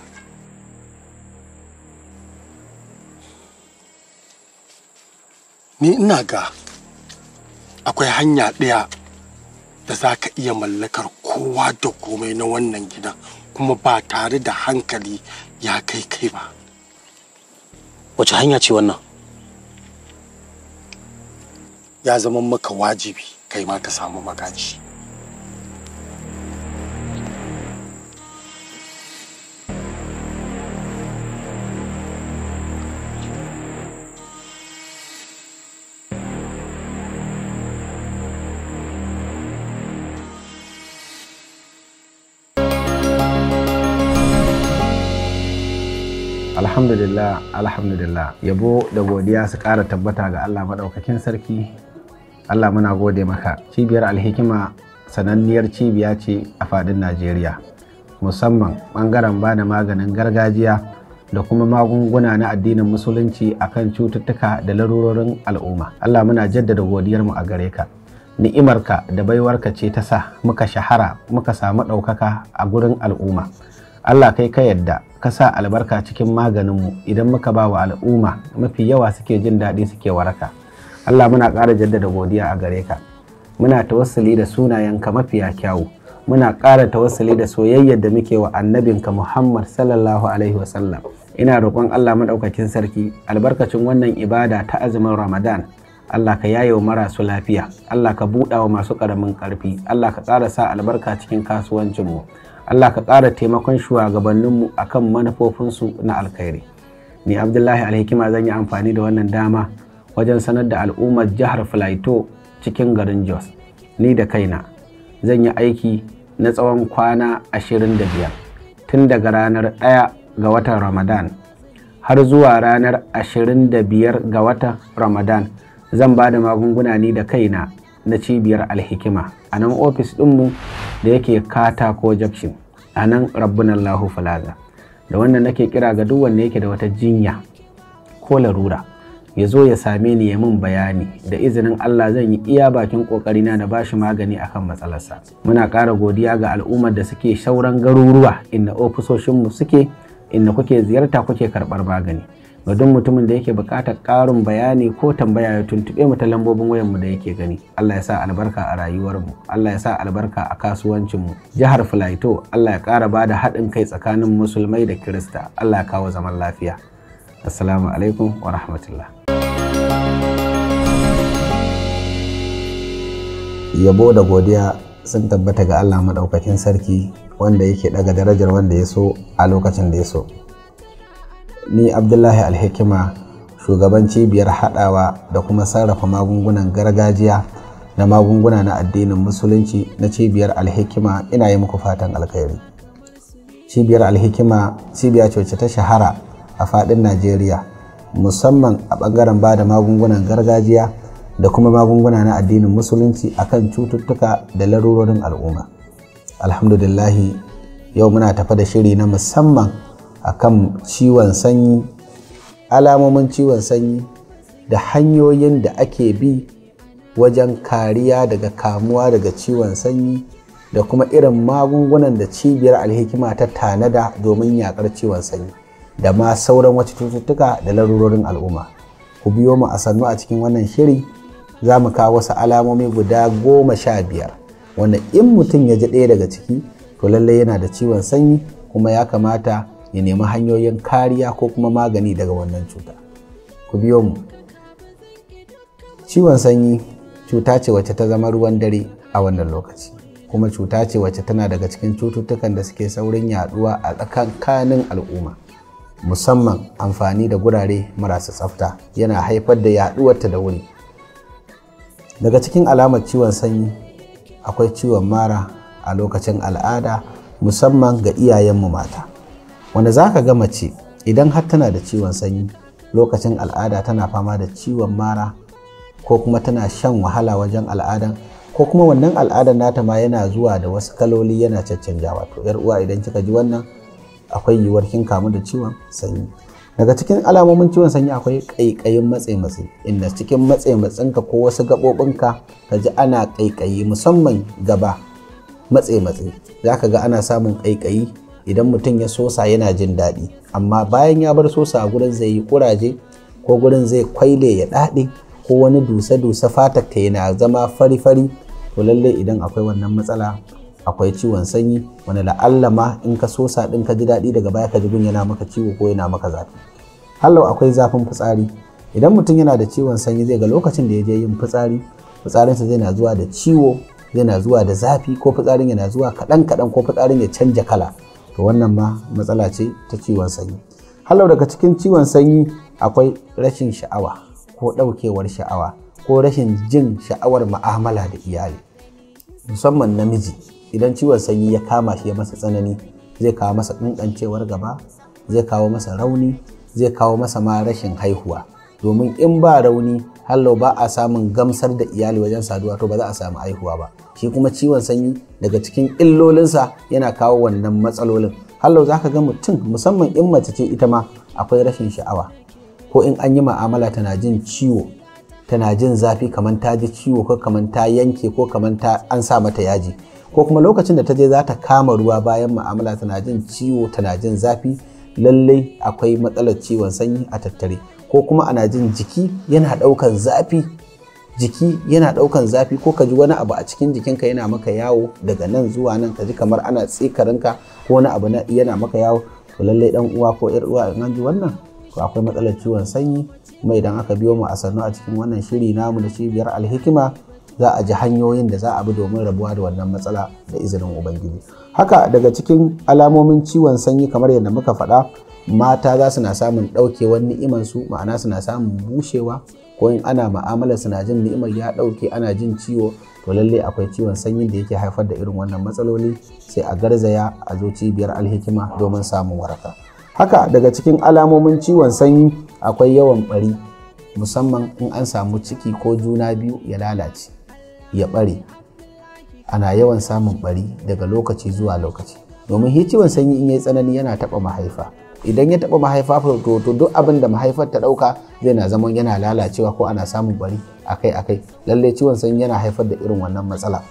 Ni ina ga akwai hanya ɗaya da za ka iya mallakar kowa da komai na wannan gida kuma ba tare da hankali ya kai kai ba wace hanya ce wannan ya zama maka wajibi kai ma ka samu magaji. alhamdulillah alhamdulillah yabo da godiya su kara tabbata ga allah maɗaukakin sarki allah muna gode maka cibiyar alhikima sananniyar cibiya ce a fadin najeriya musamman ɓangaren ba da maganin gargajiya da kuma magunguna na addinin musulunci akan cututtuka da larurorin al'umma allah muna jaddada godiyar mu a gare ka ni'imarka da baiwarka ce ta sa muka shahara muka samu ɗaukaka a gurin al'umma Allah kai ka yadda ka sa albarka cikin maganinmu idan muka ba wa al'umma mafi yawa suke jin daɗi suke waraka Allah muna ƙara jaddada godiya a gare ka muna tawassuli da sunayenka mafiya kyawu muna ƙara tawassuli da soyayyar da muke wa annabinka Muhammad sallallahu alaihi sallam. ina roƙon Allah maɗaukakin sarki albarkacin wannan ibada ta azumin Ramadan Allah ka yaye wa marasu lafiya Allah ka buɗa wa masu ƙaramin ƙarfi Allah ka ƙara sa albarka cikin kasuwancinmu Allah ka ƙara taimakon shugabanninmu a kan manufofinsu na alkhairi ni abdullahi alhikima zan yi amfani da wannan dama wajen sanar da al'ummar jihar filaito cikin garin jos ni da kaina zan yi aiki na tsawon kwana ashirin da biyar tun daga ranar ɗaya ga watan ramadan har zuwa ranar ashirin da biyar ga watan ramadan zan ba da magunguna ni da kaina na cibiyar alhikima a nan ofis ɗinmu da yake katako jakshin a nan rabbunan lahu falaza da wannan nake kira ga duk wanda yake da wata jinya ko larura ya zo ya same ni ya min bayani da izinin Allah zan yi iya bakin kokarina na bashi magani akan matsalarsa muna ƙara godiya ga al'ummar da suke shauran garuruwa inda ofisoshinmu suke inda kuke ziyarta kuke karɓar magani ga duk mutumin da yake buƙatar ƙarin bayani ko tambaya ya tuntuɓe mu ta lambobin wayanmu da yake gani Allah ya sa albarka a rayuwarmu Allah ya sa albarka a kasuwancinmu jihar Filaito Allah ya ƙara ba da haɗin kai tsakanin musulmai da kirista Allah ya kawo zaman lafiya assalamu alaikum wa rahmatullah yabo da godiya sun tabbata ga Allah maɗaukakin sarki wanda yake ɗaga darajar wanda ya so a lokacin da ya so ni abdullahi alhikima shugaban cibiyar haɗawa da kuma sarrafa magungunan gargajiya na magunguna na addinin musulunci na cibiyar alhikima ina yi muku fatan alkhairi cibiyar alhikima cibiya ce ta shahara a fadin najeriya musamman a bangaren ba da magungunan gargajiya da kuma magunguna na addinin musulunci a kan cututtuka da larurorin al'umma alhamdulillahi yau muna tafa da shiri na musamman akan ciwon sanyi alamomin ciwon sanyi da hanyoyin da ake bi wajen kariya daga kamuwa daga ciwon sanyi da kuma irin magungunan da cibiyar alhikima ta tanada domin yakar ciwon sanyi da ma sauran wacce cututtuka da larurorin al'umma ku biyo mu a sannu a cikin wannan shiri za mu kawo wasu alamomi guda goma sha biyar wanda in mutum ya ji ɗaya daga ciki to lallai yana da ciwon sanyi kuma ya kamata ya nemi hanyoyin kariya ko kuma magani daga wannan cuta ku biyo mu ciwon sanyi cuta ce wacce ta zama ruwan dare a wannan lokaci kuma cuta ce wacce tana daga cikin cututtukan da suke saurin yaduwa a tsakankanin al'umma musamman amfani da gurare marasa tsafta yana haifar da ta da wuri daga cikin alamar ciwon sanyi akwai ciwon mara a lokacin al'ada musamman ga iyayenmu mata wanda za ka ga mace idan har tana da ciwon sanyi lokacin al'ada tana fama da ciwon mara ko kuma tana shan wahala wajen al'adan ko kuma wannan al'adan nata ma yana zuwa da wasu kaloli yana caccanja wato yar uwa idan kika ji wannan akwai yiwuwar kin kamu da ciwon sanyi daga cikin alamomin ciwon sanyi akwai ƙaiƙayin matse matse inda cikin matse matsinka ko wasu gaɓoɓinka ka ji ana ƙaiƙayi musamman gaba matse matse za ka ga ana samun ƙaiƙayi idan mutum ya sosa yana jin daɗi amma bayan ya bar sosa a gurin zai yi kuraje ko gurin zai kwaile ya daɗe ko wani dusa-dusa fatar ta yana zama fari-fari to lalle idan akwai wannan matsala akwai ciwon sanyi wani la'alla in ka sosa ɗin ka ji daɗi daga baya ka ji gun yana maka ciwo ko yana maka zafi hallau akwai zafin fitsari idan mutum yana da ciwon sanyi zai ga lokacin da ya je yin fitsari fitsarinsa zai na zuwa da ciwo yana zuwa da zafi ko fitsarin yana zuwa kaɗan kaɗan ko fitsarin ya canja kala to wannan ma matsala ce ta ciwon sanyi halau daga cikin ciwon sanyi akwai rashin sha'awa ko ɗaukewar sha'awa ko rashin jin sha'awar ma'amala da iyali musamman namiji idan ciwon sanyi ya kama shi ya masa tsanani zai kawo masa ƙanƙancewar gaba zai kawo masa rauni zai kawo masa ma rashin haihuwa domin in ba rauni hallo ba a samun gamsar da iyali wajen saduwa to ba za a samu haihuwa ba shi kuma ciwon sanyi daga cikin illolinsa yana kawo wannan matsalolin hallau za ka ga mutum musamman in mace ce ita ma akwai rashin sha'awa ko in an yi ma'amala tana jin ciwo tana jin zafi kamar ta ji ciwo ko kamar ta yanke ko kamar ta an sa mata yaji ko kuma lokacin da ta je za ta kama ruwa bayan ma'amala tana jin ciwo tana jin zafi lallai akwai matsalar ciwon sanyi a tattare ko kuma ana jin jiki yana ɗaukar zafi jiki yana ɗaukan zafi ko ka ji wani abu a cikin jikinka yana maka yawo daga nan zuwa nan ka ji kamar ana tsikarinka ko wani abu yana maka yawo to lallai dan uwa ko yar uwa in ji wannan to akwai matsalar ciwon sanyi kuma idan aka biyo mu a sannu a cikin wannan shiri namu da cibiyar alhikima za a ji hanyoyin da za a bi domin rabuwa da wannan matsala da izinin ubangiji haka daga cikin alamomin ciwon sanyi kamar yadda muka faɗa mata za su na samun ɗaukewar ni'imansu ma'ana su na samun bushewa ko in ana ma'amala suna jin ni'imar ya ɗauke ana jin ciwo to lalle akwai ciwon sanyin da yake haifar da irin wannan matsaloli sai a garzaya a zo cibiyar alhikima domin samun waraka haka daga cikin alamomin ciwon sanyi akwai yawan bari musamman in an samu ciki ko juna biyu ya lalace ya bare ana yawan samun bari daga lokaci zuwa lokaci domin hi ciwon sanyi in yayi tsanani yana taɓa mahaifa idan ya taɓa mahaifa to duk abin da mahaifar ta ɗauka zai na zaman yana lalacewa ko ana samun bari akai-akai lalle ciwon sanyi yana haifar da irin wannan matsala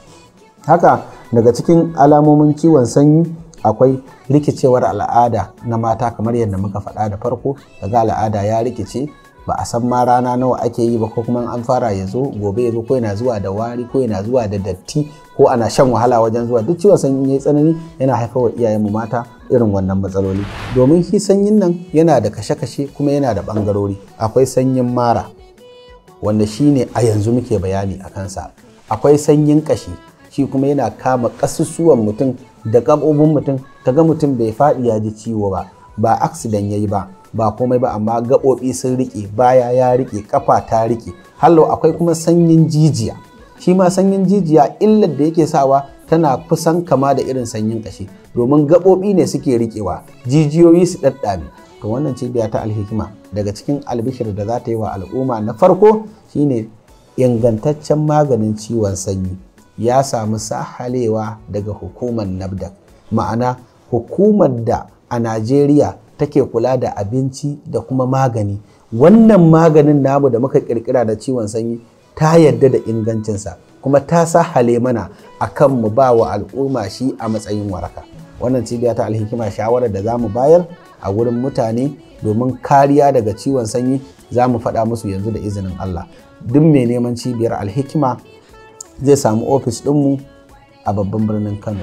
haka daga cikin alamomin ciwon sanyi akwai rikicewar al'ada na mata kamar yadda muka faɗa da farko daga al'ada ya rikice ba a san ma rana nawa ake yi ba ko kuma an fara ya zo gobe ya zo ko yana zuwa da wari ko yana zuwa da datti ko ana shan wahala wajen zuwa duk ciwon sanyi yi tsanani yana haifarwa iyayenmu mata irin wannan matsaloli domin shi sanyin nan yana da kashe-kashe kuma yana da ɓangarori. akwai sanyin mara wanda shi ne a yanzu muke bayani a kansa akwai sanyin kashi shi kuma yana kama ƙasusuwan mutum da gaɓoɓin mutum kaga mutum bai faɗi ya ji ciwo ba ba aksidan ya yi ba ba komai ba amma gaɓoɓi sun riƙe baya ya riƙe kafa ta riƙe hallo akwai kuma sanyin jijiya shi ma sanyin jijiya illar da yake sawa tana kusan kama da irin sanyin ƙashi domin gaɓoɓi ne suke riƙewa jijiyoyi su ɗaɗɗame to wannan cibiya ta alhikima daga cikin albishir da za ta yi wa al'umma na farko shine ingantaccen maganin ciwon sanyi ya samu sahalewa daga hukumar Nabda, ma'ana hukumar da a najeriya take kula da abinci da kuma magani wannan maganin namu da muka kirkira da ciwon sanyi ta yadda da ingancinsa kuma ta sahale mana a kan mu ba wa al'umma shi a matsayin waraka wannan cibiya ta alhikima shawara da za mu bayar a wurin mutane domin kariya daga ciwon sanyi za mu faɗa musu yanzu da izinin Allah duk mai neman cibiyar alhikima zai samu ofis ɗinmu a babban birnin Kano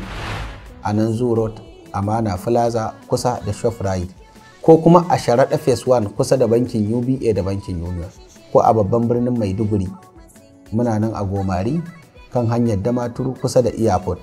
a nan zoo amana plaza kusa da shoprite ko kuma a sharaɗa phase 1 kusa da bankin uba da bankin union ko a babban birnin maiduguri muna nan a gomari kan hanyar damaturu kusa da airport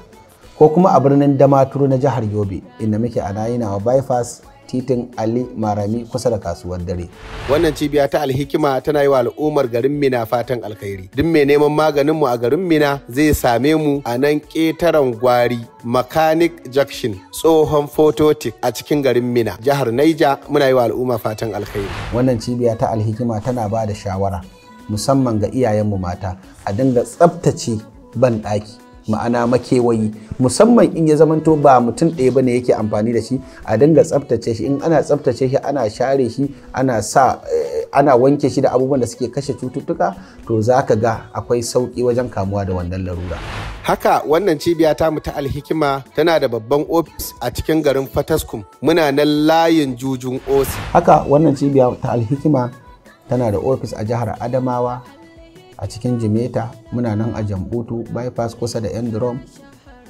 ko kuma a birnin damaturu na jihar yobe inda muke a wa bypass titin Ali Marami kusa da kasuwar dare. Wannan cibiya ta alhikima tana yi wa al'ummar garin Mina fatan alkhairi. Duk mai neman maganin mu a garin Mina zai same mu a nan ƙetaren gwari Mechanic Junction tsohon Phototic a cikin garin Mina, jihar Naija muna yi wa al'umma fatan alkhairi. Wannan cibiya ta alhikima tana ba da shawara musamman ga iyayenmu mata a dinga tsaftace ban ɗaki. ma'ana makewayi musamman in ya zamanto ba mutum ɗaya bane yake amfani da shi a dinga tsaftace shi in ana tsaftace shi ana share shi ana sa eh, ana wanke shi da abubuwan da suke kashe cututtuka to za ka ga akwai sauƙi wajen kamuwa da wannan larura haka wannan cibiya ta mu ta alhikima tana da babban ofis a cikin garin fataskum muna nan layin jujun osi haka wannan cibiya ta alhikima tana da ofis a jihar adamawa a cikin jimeta muna nan a jambutu bypass kusa da yan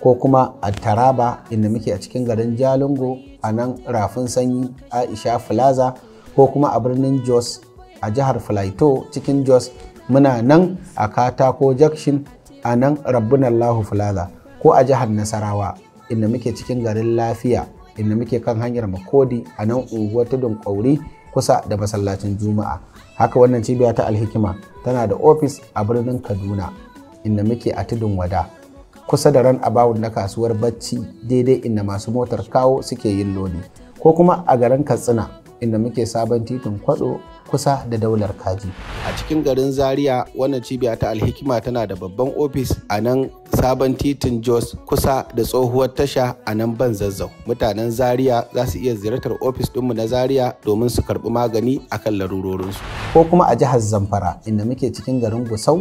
ko kuma a taraba inda muke a cikin garin jalingo a nan rafin sanyi aisha plaza ko kuma a birnin jos a jihar filaito cikin jos muna nan a katako jakshin a nan rabbinallahu plaza ko a jihar nasarawa inda muke cikin garin lafiya inda muke kan hanyar makodi a nan unguwar tudun Kauri kusa da masallacin juma'a haka wannan cibiya ta alhikima tana da ofis a birnin kaduna inda muke a tudun wada kusa da ran abawun na kasuwar bacci daidai inda masu motar kawo suke yin lodi ko kuma a garin katsina inda muke sabon titin kwatso kusa da daular kaji. A cikin garin Zaria wannan cibiya ta alhikima tana da babban ofis a nan sabon titin Jos kusa da tsohuwar tasha a nan ban zazzau. Mutanen Zaria za su iya ziyartar ofis ɗinmu na Zaria domin su karɓi magani a kan larurorinsu. Ko kuma a jihar Zamfara inda muke cikin garin Gusau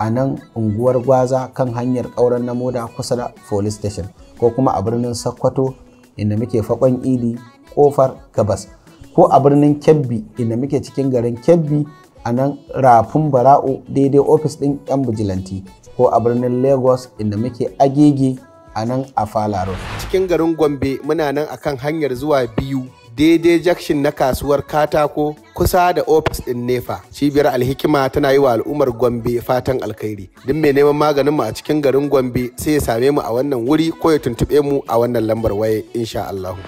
a nan unguwar Gwaza kan hanyar ƙauren na moda kusa da police station ko kuma a birnin Sokoto inda muke fakon idi kofar gabas ko a birnin kebbi inda muke cikin garin kebbi a nan rafin bara'u daidai ofis ɗin 'yan bijilanti ko a birnin lagos inda muke agege a nan a falaro cikin garin gombe muna nan akan hanyar zuwa biyu daidai jakshin na kasuwar katako kusa da ofis ɗin nefa cibiyar alhikima tana yi wa al'ummar gombe fatan alkhairi duk mai neman maganin mu a cikin garin gombe sai ya same mu a wannan wuri ko ya tuntuɓe mu a wannan lambar waye insha allahu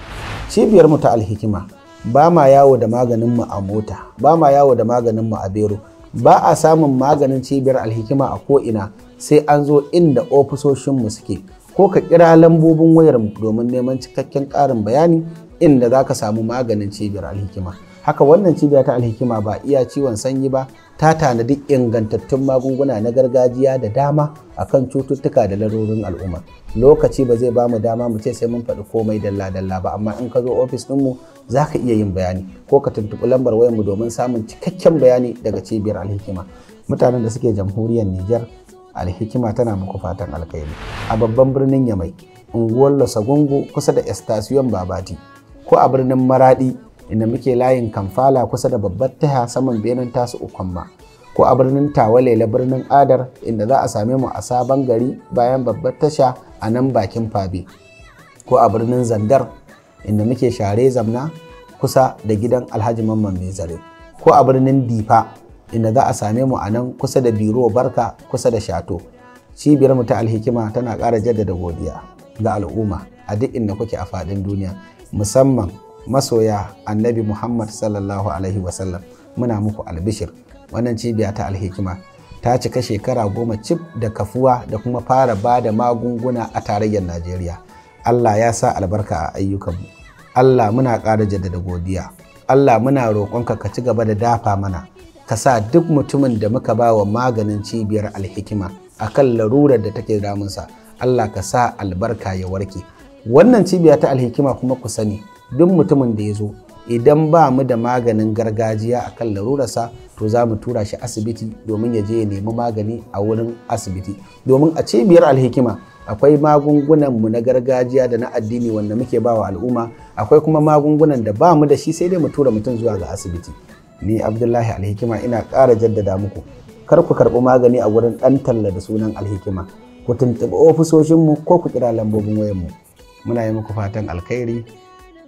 cibiyar mu ta alhikima ba ma yawo da maganinmu a mota ba ma yawo da maganinmu a bero ba a samun maganin cibiyar alhikima a ko'ina sai an zo inda ofisoshinmu suke ko ka kira lambobin wayarmu domin neman cikakken ƙarin bayani inda za ka samu maganin cibiyar alhikima haka wannan cibiya ta alhikima ba iya ciwon sanyi ba ta tanadi ingantattun magunguna na gargajiya da dama a kan cututtuka da larurin al'umma lokaci ba zai bamu dama mu ce sai mun faɗi komai dalla-dalla ba amma in ka zo ofis ɗinmu za ka iya yin bayani ko ka tuntuɓi lambar wayanmu domin samun cikakken bayani daga cibiyar alhikima mutanen da suke jamhuriyar Nijar alhikima tana muku fatan alkhairi a babban birnin Yamai unguwar Lasagungu kusa da Estasiyon Babati ko a birnin Maradi inda muke layin Kamfala kusa da babbar taha saman benin tasu Ukwamma ko a birnin tawale Tawalela birnin Adar inda za a same mu a sabon gari bayan babbar tasha a nan bakin Fabe ko a birnin Zandar inda muke share zamna kusa da gidan Alhaji Mamman Mai Zare ko a birnin Difa inda za a same mu a nan kusa da biro barka kusa da shato cibiyar mu ta alhikima tana ƙara jaddada godiya ga al'umma a duk inda kuke a faɗin duniya musamman masoya annabi Muhammad sallallahu Alaihi wasallam muna muku albishir wannan cibiya ta alhikima ta cika shekara goma cif da kafuwa da kuma fara ba da magunguna a tarayyar Najeriya. Allah ya sa albarka a ayyukanmu. Allah muna ƙara jaddada godiya. Allah muna roƙonka ka ci gaba da dafa mana. Ka sa duk mutumin da muka ba wa maganin cibiyar alhikima a kan larurar da take damunsa. Allah ka sa albarka ya warke. Wannan cibiya ta alhikima kuma ku sani duk mutumin da ya zo idan ba mu da maganin gargajiya a kan larurarsa to za mu tura shi asibiti domin ya je ya nemi magani a wurin asibiti domin a cibiyar alhikima akwai magungunan mu na gargajiya da na addini wanda muke ba wa al'umma akwai kuma magungunan da ba mu da shi sai dai mu tura mutum zuwa ga asibiti ni abdullahi alhikima ina ƙara jaddada muku kar ku karɓi magani a wurin ɗan talla da sunan alhikima ku tuntuɓi ofisoshinmu ko ku kira lambobin wayanmu muna yi muku fatan alkhairi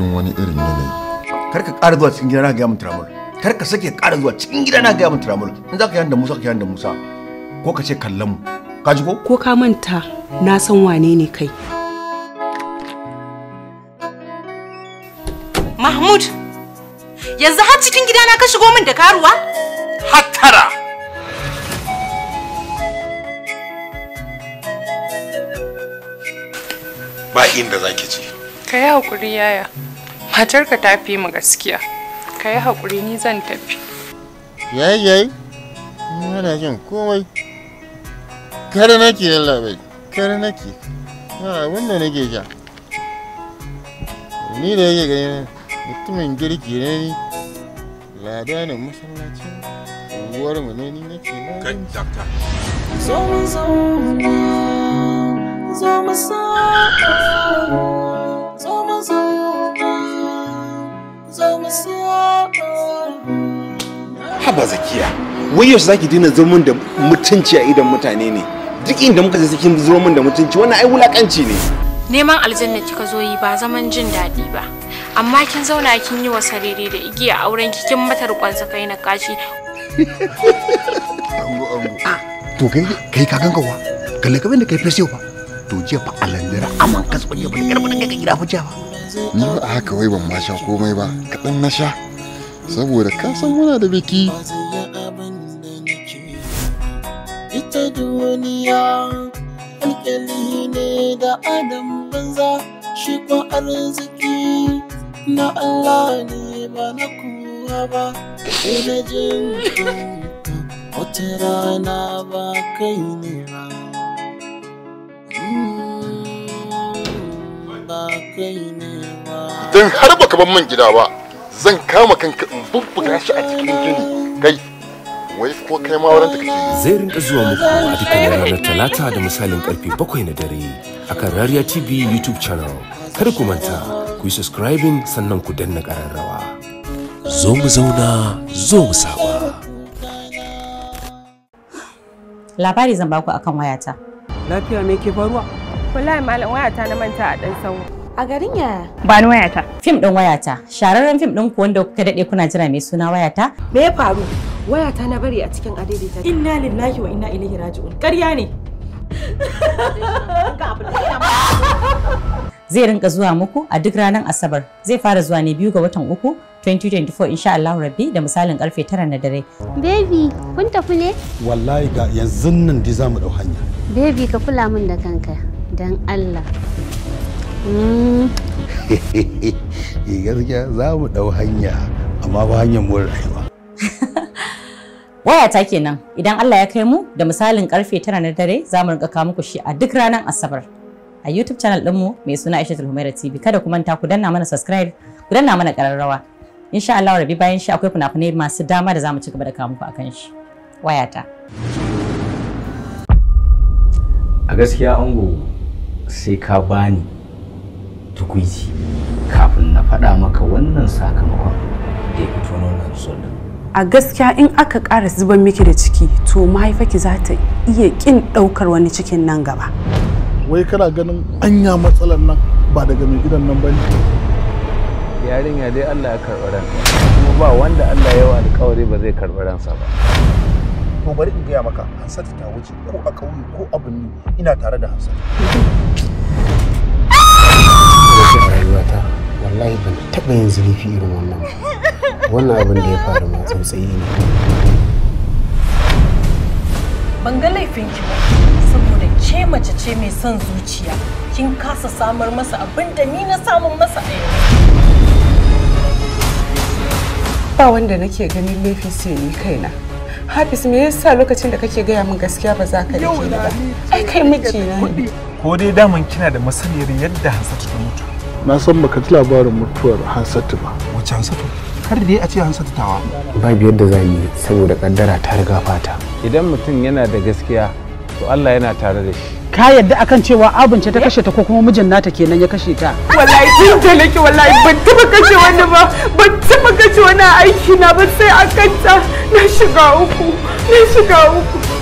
cikin wani irin yanayi kar ka ƙara zuwa cikin gida na gaya min tiramul. kar ka sake ƙara zuwa cikin gida na gaya min tiramul. in za ka yi da musa ka yi da musa ko ka ce kallon mu ka ji ko ko ka manta na san wane ne kai mahmud yanzu har cikin gida na ka shigo min da karuwa hattara ba inda ki ce ka yi haƙuri yaya matarka ta fi mu gaskiya ka yi haƙuri ni zan tafi yayi yayi Ina jin komai kare nake bai. kare nake a wanda nake ja ni da yake gani mutumin girki ne ni lada ne masallacin Uwar mu ne ni nake na kai dakta zo mu zo zo mu zo zo mu zo haba zakiya wai yaushe k'i dina zurmin da mutunci a idan mutane ne duk inda muka je cikin zurmin da mutunci wannan ai wulakanci ne neman aljanna kika zo yi ba zaman jin daɗi ba amma kin zauna kin yi wa sarere da igiya auren ki kin matar kwansa kai na kashi to kai kai ka ganka wa kalle ka da kai fesiyo ba to jiya fa alandira aman kasu ne ba yarba da kai gida fa jiya ba ni ba a haka wai ban ma sha komai ba kaɗan na sha saboda ka san muna da biki ita duniya alƙali ne da adam banza shi ko arziki na Allah ne ba na kuwa ba na jin wata rana ba kai ne ba mm, ba kai ne don har baka ban man gida ba zan kama kanka in bubbuga shi a cikin gini kai wai ko kai ma wurin take zai rinka zuwa muku a cikin ranar talata da misalin karfe 7 na dare akan Rariya TV YouTube channel kar ku manta ku yi subscribing sannan ku danna kararrawa zo mu zauna zo mu saba labari zan baku akan wayata lafiya me ke faruwa wallahi malam wayata na manta a dan sauro A garin ya. Ba ni wayata. Fim ɗin wayata. Shararren fim ɗin ku wanda kuka daɗe kuna jira mai suna wayata. Me ya faru? Wayata na bari a cikin adaidaita. Inna lillahi wa inna ilaihi raji'un. Ƙarya ne. Zai rinka zuwa muku a duk ranar Asabar. Zai fara zuwa ne biyu ga watan uku 2024 insha Allah rabbi da misalin karfe 9 na dare. Baby, kun tafi ne? Wallahi ga yanzu nan dai za mu dau hanya. Baby ka kula min da kanka dan Allah. Mm. Eh, gaskiya za mu ɗau hanya amma ba hanyar mu rayuwa wayata kenan idan Allah ya kai mu da misalin karfe tara na dare za mu rinka kawo muku shi a duk ranar asabar a YouTube channel ɗinmu mai suna Aisha Tulhumaira TV kada ku manta ku danna mana subscribe ku danna mana ƙararrawa insha Allah rabi bayan shi akwai fina-finai masu dama da za mu ci gaba da kawo muku akan shi wayata a gaskiya ango sai ka bani tukuici kafin na faɗa maka wannan sakamakon da ya fito nan sun a gaskiya in aka ƙara zuban miki da ciki to mahaifaki za ta iya ƙin ɗaukar wani cikin nan gaba wai kana ganin anya matsalar nan ba daga mai gidan nan bane yarinya dai Allah ya karɓi ransa kuma ba wanda Allah ya alƙawari ba zai karɓi ransa ba to bari in gaya maka hansatu ta wuce ko a ƙauye ko a ina tare da hansatu rayuwata wallahi ban taɓa yin zurfi irin wannan wannan abin da ya faru ma tsautsayi ne ban ga laifinki ba saboda ke mace ce mai son zuciya kin kasa samar masa abin da ni na samun masa a yau ba wanda nake ganin laifi sai ni kaina Hafiz me yasa lokacin da kake gaya min gaskiya ba za ka yi ba? Ai kai mijina ne. Ko dai daman kina da masaniyar yadda Hansatu ta mutu. na san baka ji labarin mutuwar hansatu ba wace hansatu kar da a ce hansatu tawa biyar da za yi saboda kaddara ta riga fata idan mutum yana da gaskiya to Allah yana tare da shi ka yadda akan cewa abince ta kashe ta ko kuma mijin nata kenan ya kashe ta wallahi tun da wallahi ban taba kashe wani ba ban taba kashe wani aiki na ba sai akan ta na shiga uku na shiga uku